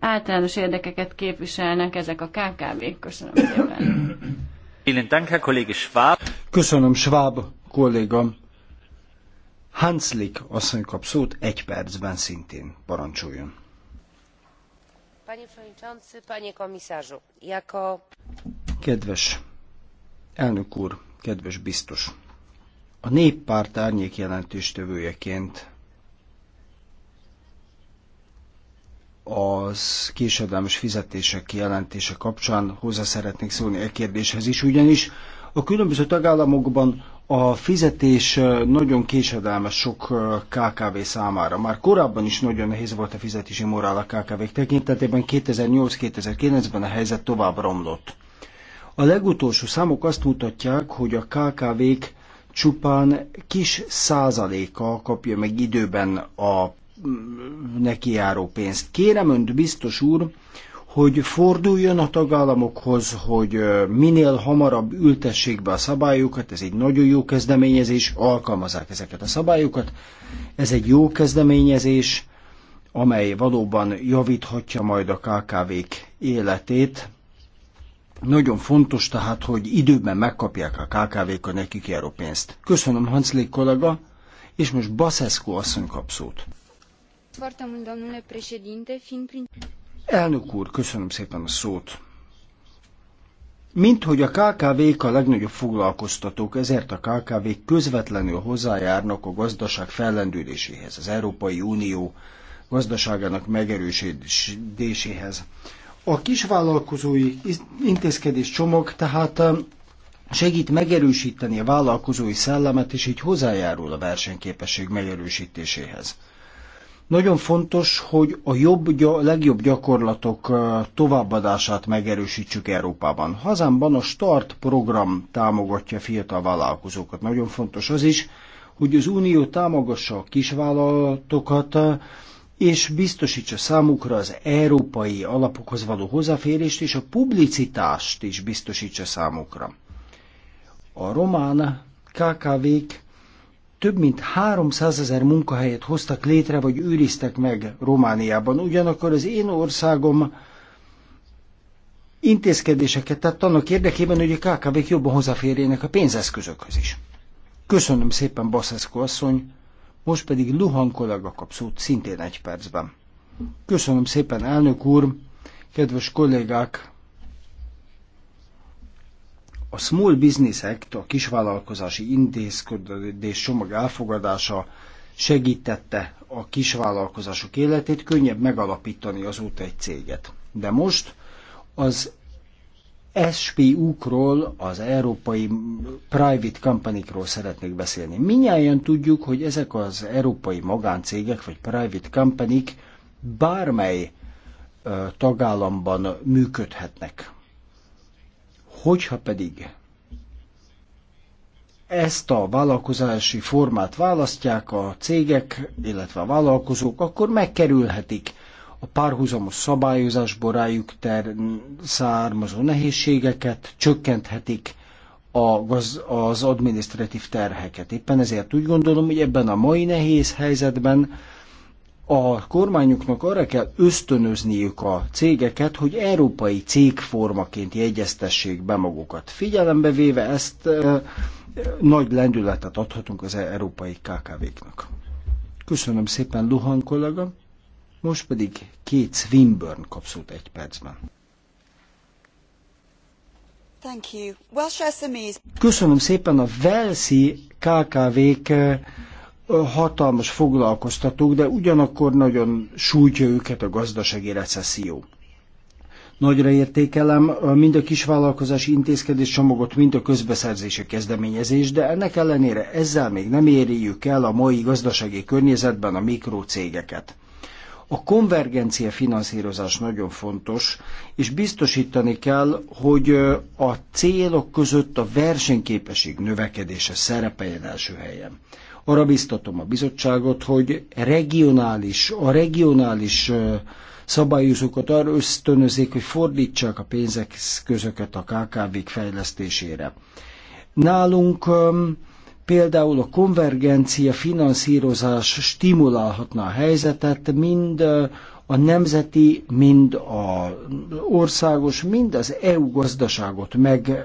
általános érdekeket képviselnek ezek a KKV-k. Köszönöm szépen. Köszönöm, Schwab kolléga. Hanslik asszony kap szót egy percben szintén. Parancsoljon panie przewodniczący, panie komisarzu! Jako... Kedves elnök úr, kedves biztos! A néppárt árnyék jelentéstevőjeként az késedelmes fizetések jelentése kapcsán hozzá szeretnék szólni e kérdéshez is, ugyanis a különböző tagállamokban a fizetés nagyon késedelmes sok KKV számára. Már korábban is nagyon nehéz volt a fizetési morál a KKV-k tekintetében, 2008-2009-ben a helyzet tovább romlott. A legutolsó számok azt mutatják, hogy a KKV-k csupán kis százaléka kapja meg időben a neki járó pénzt. Kérem önt, biztos úr, hogy forduljon a tagállamokhoz, hogy minél hamarabb ültessék be a szabályokat, ez egy nagyon jó kezdeményezés, alkalmazzák ezeket a szabályokat. Ez egy jó kezdeményezés, amely valóban javíthatja majd a KKV-k életét. Nagyon fontos tehát, hogy időben megkapják a KKV-k a nekik járó pénzt. Köszönöm, Hanclik kollega, és most Baszeszko asszony kap szót. Foarte mult, domnule președinte, fiind prin... Elnök úr, köszönöm szépen a szót. Mint hogy a KKV-k a legnagyobb foglalkoztatók, ezért a KKV-k közvetlenül hozzájárnak a gazdaság fellendüléséhez, az Európai Unió gazdaságának megerősítéséhez. A kisvállalkozói intézkedés csomag tehát um, segít megerősíteni a vállalkozói szellemet, és így hozzájárul a versenyképesség megerősítéséhez. Nagyon fontos, hogy a jobb, legjobb gyakorlatok továbbadását megerősítsük Európában. Hazámban a START program támogatja fiatal vállalkozókat. Nagyon fontos az is, hogy az Unió támogassa a kisvállalatokat, és biztosítsa számukra az európai alapokhoz való hozzáférést, és a publicitást is biztosítsa számukra. A román KKV-k több mint 300 ezer munkahelyet hoztak létre, vagy őriztek meg Romániában. Ugyanakkor az én országom intézkedéseket tett annak érdekében, hogy a KKV-k jobban hozzáférjenek a pénzeszközökhöz is. Köszönöm szépen, Baszeszko asszony, most pedig Luhan kollega kap szót szintén egy percben. Köszönöm szépen, elnök úr, kedves kollégák, a Small Business Act, a kisvállalkozási intézkedés csomag elfogadása segítette a kisvállalkozások életét, könnyebb megalapítani azóta egy céget. De most az SPU-król, az Európai Private Company-król szeretnék beszélni. Minnyáján tudjuk, hogy ezek az európai magáncégek vagy private company bármely tagállamban működhetnek. Hogyha pedig ezt a vállalkozási formát választják a cégek, illetve a vállalkozók, akkor megkerülhetik a párhuzamos szabályozásból rájuk ter származó nehézségeket, csökkenthetik az, az adminisztratív terheket. Éppen ezért úgy gondolom, hogy ebben a mai nehéz helyzetben a kormányoknak arra kell ösztönözniük a cégeket, hogy európai cégformaként jegyeztessék be magukat. Figyelembe véve ezt e, nagy lendületet adhatunk az európai KKV-knak. Köszönöm szépen, Luhan kollega. Most pedig két Swinburne kapszót egy percben. Thank you. Köszönöm szépen a Velszi KKV-k hatalmas foglalkoztatók, de ugyanakkor nagyon sújtja őket a gazdasági recesszió. Nagyra értékelem mind a kisvállalkozási intézkedés csomagot, mind a közbeszerzési kezdeményezés, de ennek ellenére ezzel még nem érjük el a mai gazdasági környezetben a mikrocégeket. A konvergencia finanszírozás nagyon fontos, és biztosítani kell, hogy a célok között a versenyképesség növekedése szerepeljen első helyen. Arra biztatom a bizottságot, hogy regionális, a regionális szabályozókat arra ösztönözik, hogy fordítsák a pénzek közöket a KKV-k fejlesztésére. Nálunk például a konvergencia finanszírozás stimulálhatna a helyzetet, mind a nemzeti, mind a országos, mind az EU gazdaságot meg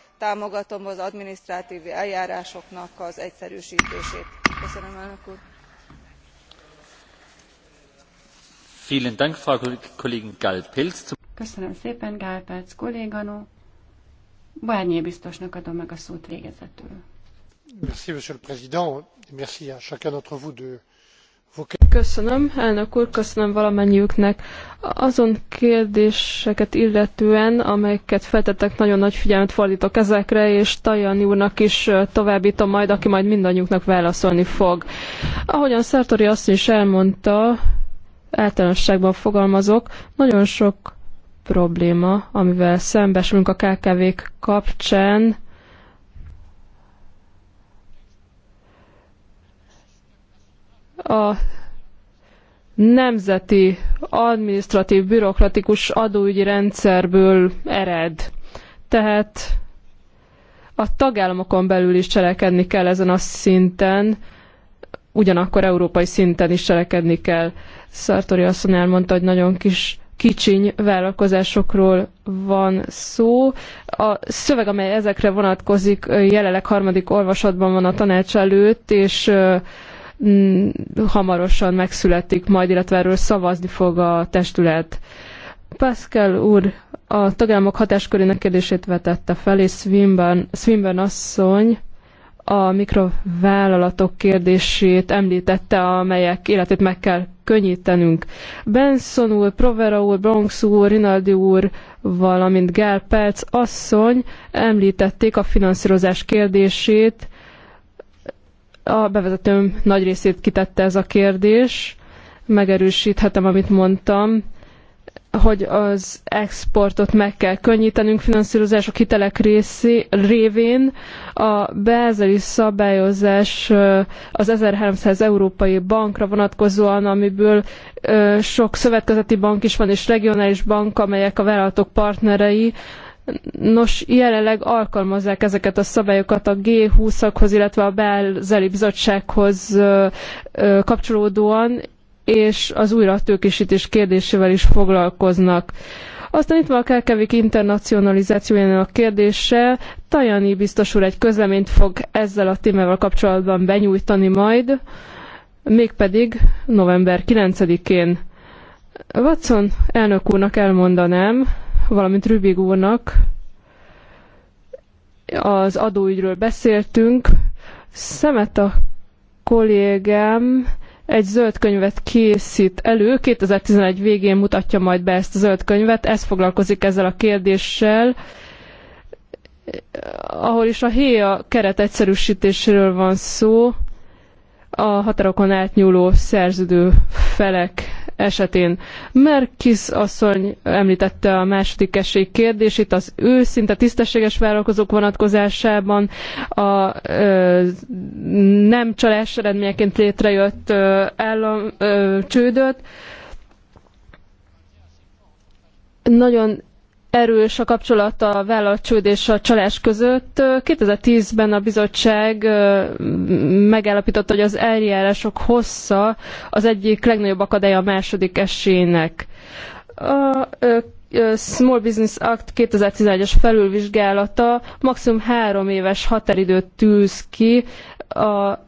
támogatom az adminisztratv eljárásoknak az egyszerűstését. köszönöm elnök úr! Köszönöm szépen, Gál Perc kolléganó. Barnier biztosnak adom meg a szót végezetül. Merci, monsieur le président. Merci Köszönöm, elnök úr, köszönöm valamennyiüknek. Azon kérdéseket illetően, amelyeket feltettek, nagyon nagy figyelmet fordítok ezekre, és Tajani úrnak is továbbítom majd, aki majd mindannyiuknak válaszolni fog. Ahogyan Szertori azt is elmondta, általánosságban fogalmazok, nagyon sok probléma, amivel szembesülünk a KKV-k kapcsán, a nemzeti administratív bürokratikus adóügyi rendszerből ered. Tehát a tagállamokon belül is cselekedni kell ezen a szinten, ugyanakkor európai szinten is cselekedni kell. Szartori asszony elmondta, hogy nagyon kis kicsiny vállalkozásokról van szó. A szöveg, amely ezekre vonatkozik, jelenleg harmadik olvasatban van a tanács előtt, és Mm, hamarosan megszületik majd, illetve erről szavazni fog a testület. Pascal úr a tagállamok hatáskörének kérdését vetette fel, és Swinburne, Swinburne asszony a mikrovállalatok kérdését említette, amelyek életét meg kell könnyítenünk. Benson úr, Provera úr, Bronx úr, Rinaldi úr, valamint Gál Pelc asszony említették a finanszírozás kérdését, a bevezetőm nagy részét kitette ez a kérdés. Megerősíthetem, amit mondtam hogy az exportot meg kell könnyítenünk finanszírozások hitelek részé, révén. A belzeli szabályozás az 1300 európai bankra vonatkozóan, amiből sok szövetkezeti bank is van, és regionális bank, amelyek a vállalatok partnerei, Nos, jelenleg alkalmazzák ezeket a szabályokat a G20-akhoz, illetve a Belzeli Bizottsághoz kapcsolódóan, és az újratőkésítés kérdésével is foglalkoznak. Aztán itt van a Kerkevik internacionalizációjának kérdése. Tajani biztos úr egy közleményt fog ezzel a témával kapcsolatban benyújtani majd, mégpedig november 9-én. Watson elnök úrnak elmondanám, valamint Rübig úrnak. Az adóügyről beszéltünk. Szemet a kollégám egy zöld könyvet készít elő, 2011 végén mutatja majd be ezt a zöld könyvet, ez foglalkozik ezzel a kérdéssel, ahol is a héja keret egyszerűsítéséről van szó, a határokon átnyúló szerződő felek esetén. Merkis asszony említette a második esély kérdését, az őszinte tisztességes vállalkozók vonatkozásában a ö, nem csalás eredményeként létrejött ö, állam ö, csődöt. Nagyon erős a kapcsolat a vállalatcsőd és a csalás között. 2010-ben a bizottság megállapította, hogy az eljárások hossza az egyik legnagyobb akadálya a második esélynek. A Small Business Act 2011-es felülvizsgálata maximum három éves határidőt tűz ki a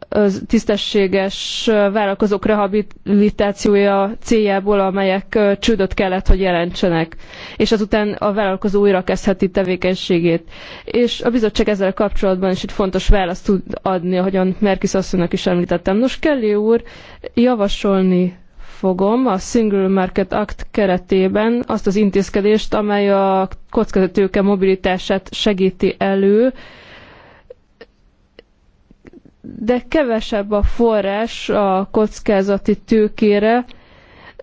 tisztességes vállalkozók rehabilitációja céljából, amelyek csődöt kellett, hogy jelentsenek, és azután a vállalkozó újra kezdheti tevékenységét. És a bizottság ezzel kapcsolatban is itt fontos választ tud adni, ahogyan Merkis asszonynak is említettem. Nos, Kelly úr javasolni fogom a Single Market Act keretében azt az intézkedést, amely a kockázatőke mobilitását segíti elő, de kevesebb a forrás a kockázati tőkére,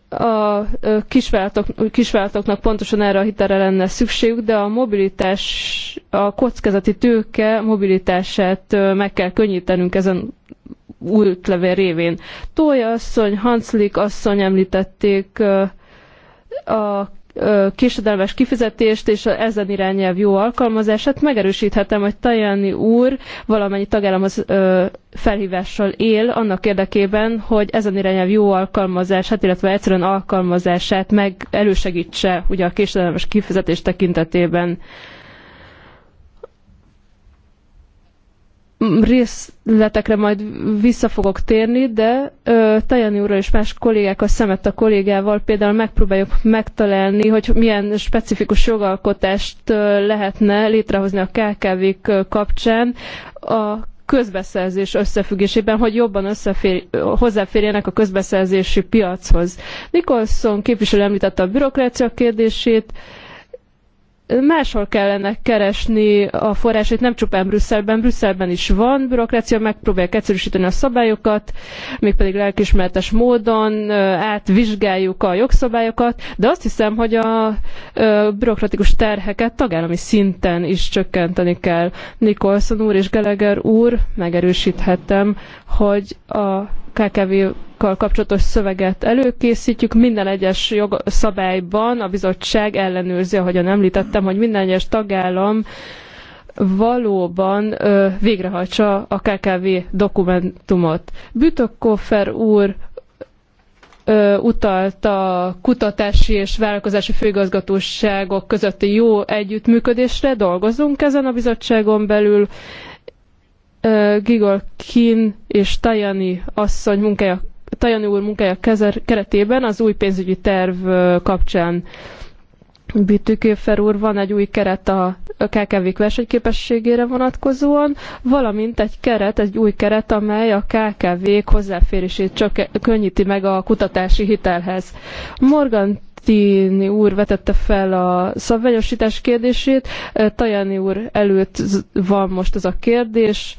a kisvállalatoknak pontosan erre a hitelre lenne szükségük, de a mobilitás, a kockázati tőke mobilitását meg kell könnyítenünk ezen útlevél révén. Tója asszony, Hanslik asszony említették a késedelmes kifizetést és ezen irányelv jó alkalmazását. Megerősíthetem, hogy Tajani úr valamennyi tagállamhoz felhívással él annak érdekében, hogy ezen irányelv jó alkalmazását, illetve egyszerűen alkalmazását meg elősegítse ugye a késedelmes kifizetés tekintetében. részletekre majd vissza fogok térni, de ö, Tajani úrral és más kollégák a szemet a kollégával például megpróbáljuk megtalálni, hogy milyen specifikus jogalkotást ö, lehetne létrehozni a KKV-k kapcsán a közbeszerzés összefüggésében, hogy jobban összefér, hozzáférjenek a közbeszerzési piachoz. Nicholson képviselő említette a bürokrácia kérdését, ö, máshol kellene keresni a forrásait, nem csupán Brüsszelben. Brüsszelben is van bürokrácia, megpróbálják egyszerűsíteni a szabályokat, mégpedig lelkismeretes módon átvizsgáljuk a jogszabályokat, de azt hiszem, hogy a bürokratikus terheket tagállami szinten is csökkenteni kell. Nikolson úr és Geleger úr, megerősíthetem, hogy a KKV jogokkal kapcsolatos szöveget előkészítjük. Minden egyes jogszabályban a bizottság ellenőrzi, ahogyan említettem, hogy minden egyes tagállam valóban ö, végrehajtsa a KKV dokumentumot. Bütökkofer úr ö, utalt a kutatási és vállalkozási főigazgatóságok közötti jó együttműködésre, dolgozunk ezen a bizottságon belül. Gigol Kin és Tajani asszony munkája Tajani úr munkája keretében az új pénzügyi terv kapcsán. Bütőkőfer úr, van egy új keret a KKV-k versenyképességére vonatkozóan, valamint egy keret, egy új keret, amely a KKV-k hozzáférését csak e- könnyíti meg a kutatási hitelhez. Morgan Tini úr vetette fel a szabványosítás kérdését, Tajani úr előtt van most ez a kérdés,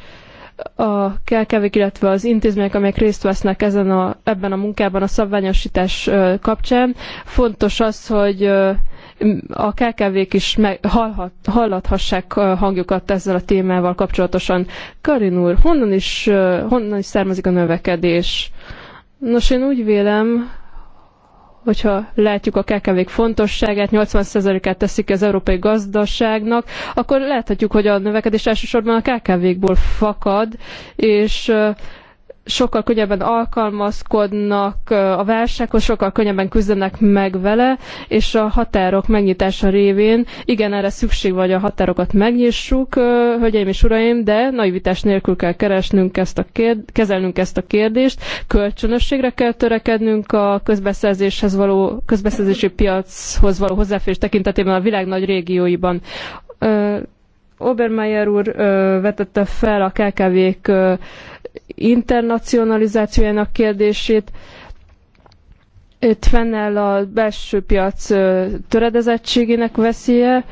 a kelkevék, illetve az intézmények, amelyek részt vesznek ezen a, ebben a munkában a szabványosítás kapcsán. Fontos az, hogy a kelkevék k is meg, hallhat, hallathassák hangjukat ezzel a témával kapcsolatosan. Karin úr, honnan is, honnan is származik a növekedés? Nos, én úgy vélem, hogyha látjuk a KKV-k fontosságát, 80%-át teszik az európai gazdaságnak, akkor láthatjuk, hogy a növekedés elsősorban a KKV-kból fakad, és sokkal könnyebben alkalmazkodnak a válsághoz, sokkal könnyebben küzdenek meg vele, és a határok megnyitása révén, igen, erre szükség vagy a határokat megnyissuk, hölgyeim és uraim, de naivitás nélkül kell keresnünk ezt a kezelnünk ezt a kérdést, kölcsönösségre kell törekednünk a közbeszerzéshez való, közbeszerzési piachoz való hozzáférés tekintetében a világ nagy régióiban. Obermeyer úr vetette fel a KKV-k internacionalizációjának kérdését. Itt fennáll a belső piac töredezettségének veszélye.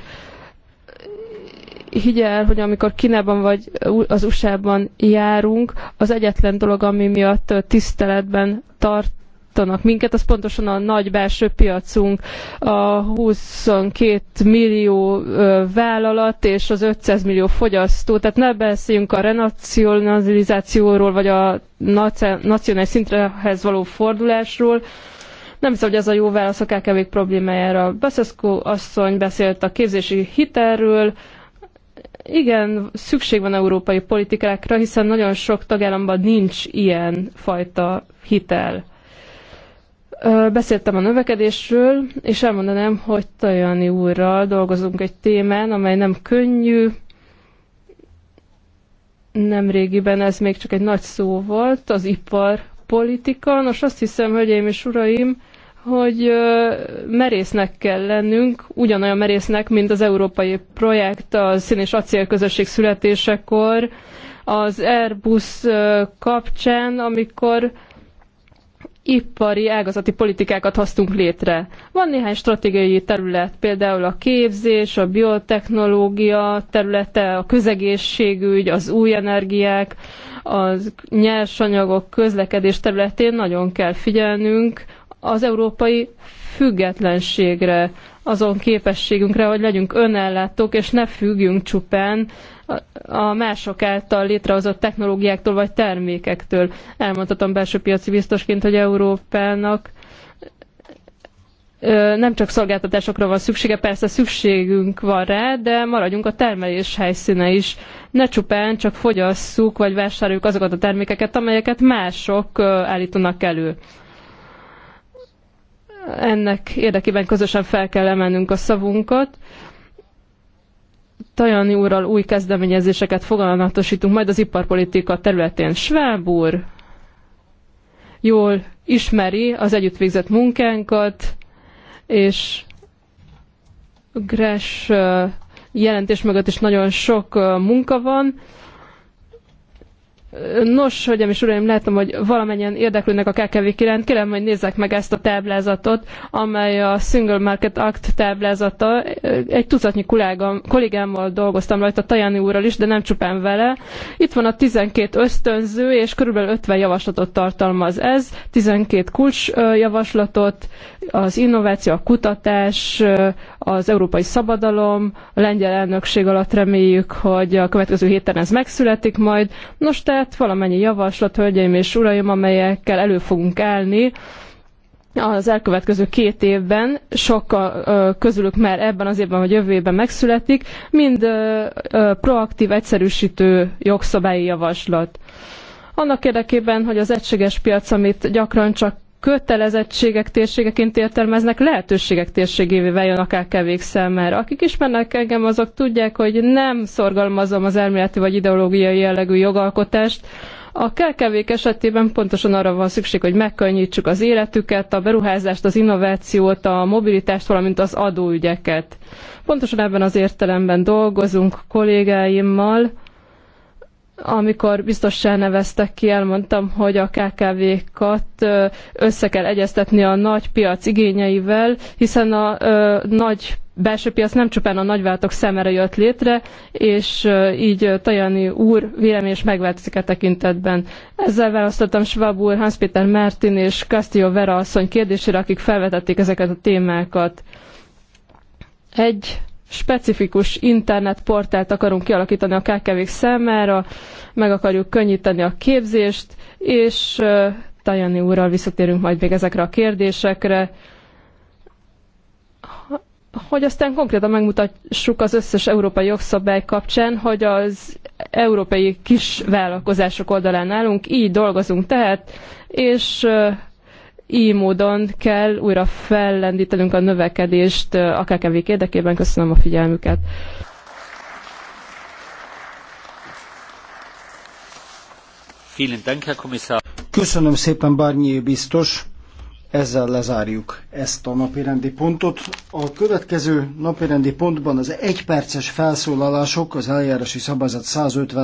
Higgy el, hogy amikor Kínában vagy az USA-ban járunk, az egyetlen dolog, ami miatt tiszteletben tart tartanak minket, az pontosan a nagy belső piacunk, a 22 millió vállalat és az 500 millió fogyasztó. Tehát ne beszéljünk a renacionalizációról, vagy a nacionális szintrehez való fordulásról, nem hiszem, hogy ez a jó válasz a KKV problémájára. Beszeszkó asszony beszélt a képzési hitelről. Igen, szükség van európai politikákra, hiszen nagyon sok tagállamban nincs ilyen fajta hitel. Beszéltem a növekedésről, és elmondanám, hogy Tajani úrral dolgozunk egy témán, amely nem könnyű. Nemrégiben ez még csak egy nagy szó volt, az iparpolitika. Nos, azt hiszem, hölgyeim és uraim, hogy merésznek kell lennünk, ugyanolyan merésznek, mint az európai projekt a szín és acélközösség születésekor, az Airbus kapcsán, amikor ipari ágazati politikákat hoztunk létre. Van néhány stratégiai terület, például a képzés, a biotechnológia területe, a közegészségügy, az új energiák, a nyersanyagok közlekedés területén nagyon kell figyelnünk az európai függetlenségre, azon képességünkre, hogy legyünk önellátók, és ne függjünk csupán a mások által létrehozott technológiáktól vagy termékektől. Elmondhatom belső piaci biztosként, hogy Európának nem csak szolgáltatásokra van szüksége, persze szükségünk van rá, de maradjunk a termelés helyszíne is. Ne csupán csak fogyasszuk vagy vásároljuk azokat a termékeket, amelyeket mások állítanak elő. Ennek érdekében közösen fel kell emelnünk a szavunkat. Tajani úrral új kezdeményezéseket fogalmatosítunk majd az iparpolitika területén. Schwab úr jól ismeri az együtt végzett munkánkat, és Gress jelentés mögött is nagyon sok munka van. Nos, hölgyem és uraim, látom, hogy valamennyien érdeklődnek a kkv iránt. Kérem, hogy nézzek meg ezt a táblázatot, amely a Single Market Act táblázata. Egy tucatnyi kollégám, kollégámmal dolgoztam rajta, Tajani úrral is, de nem csupán vele. Itt van a 12 ösztönző, és körülbelül 50 javaslatot tartalmaz ez. 12 kulcs javaslatot, az innováció, a kutatás, az európai szabadalom, a lengyel elnökség alatt reméljük, hogy a következő héten ez megszületik majd. Nos, tehát valamennyi javaslat, hölgyeim és uraim, amelyekkel elő fogunk állni, az elkövetkező két évben, sok közülük már ebben az évben vagy jövő évben megszületik, mind proaktív, egyszerűsítő jogszabályi javaslat. Annak érdekében, hogy az egységes piac, amit gyakran csak kötelezettségek térségeként értelmeznek, lehetőségek térségévé váljon akár kkv számára. Akik ismernek engem, azok tudják, hogy nem szorgalmazom az elméleti vagy ideológiai jellegű jogalkotást, a KKV-k esetében pontosan arra van szükség, hogy megkönnyítsük az életüket, a beruházást, az innovációt, a mobilitást, valamint az adóügyeket. Pontosan ebben az értelemben dolgozunk kollégáimmal, amikor biztossá neveztek ki, elmondtam, hogy a KKV-kat össze kell egyeztetni a nagy piac igényeivel, hiszen a nagy belső piac nem csupán a nagyvállalatok szemére jött létre, és így Tajani úr vélemény is megváltozik a e tekintetben. Ezzel választottam Schwab úr, Hans Peter Martin és Castillo Vera asszony kérdésére, akik felvetették ezeket a témákat. Egy specifikus internetportált akarunk kialakítani a KKV-k számára, meg akarjuk könnyíteni a képzést, és Tajani úrral visszatérünk majd még ezekre a kérdésekre, hogy aztán konkrétan megmutassuk az összes európai jogszabály kapcsán, hogy az európai kis vállalkozások oldalán állunk, így dolgozunk tehát, és így módon kell újra fellendítenünk a növekedést a kkv érdekében. Köszönöm a figyelmüket. Köszönöm szépen, Barnier biztos. Ezzel lezárjuk ezt a napirendi pontot. A következő napirendi pontban az egyperces felszólalások az eljárási szabályzat 150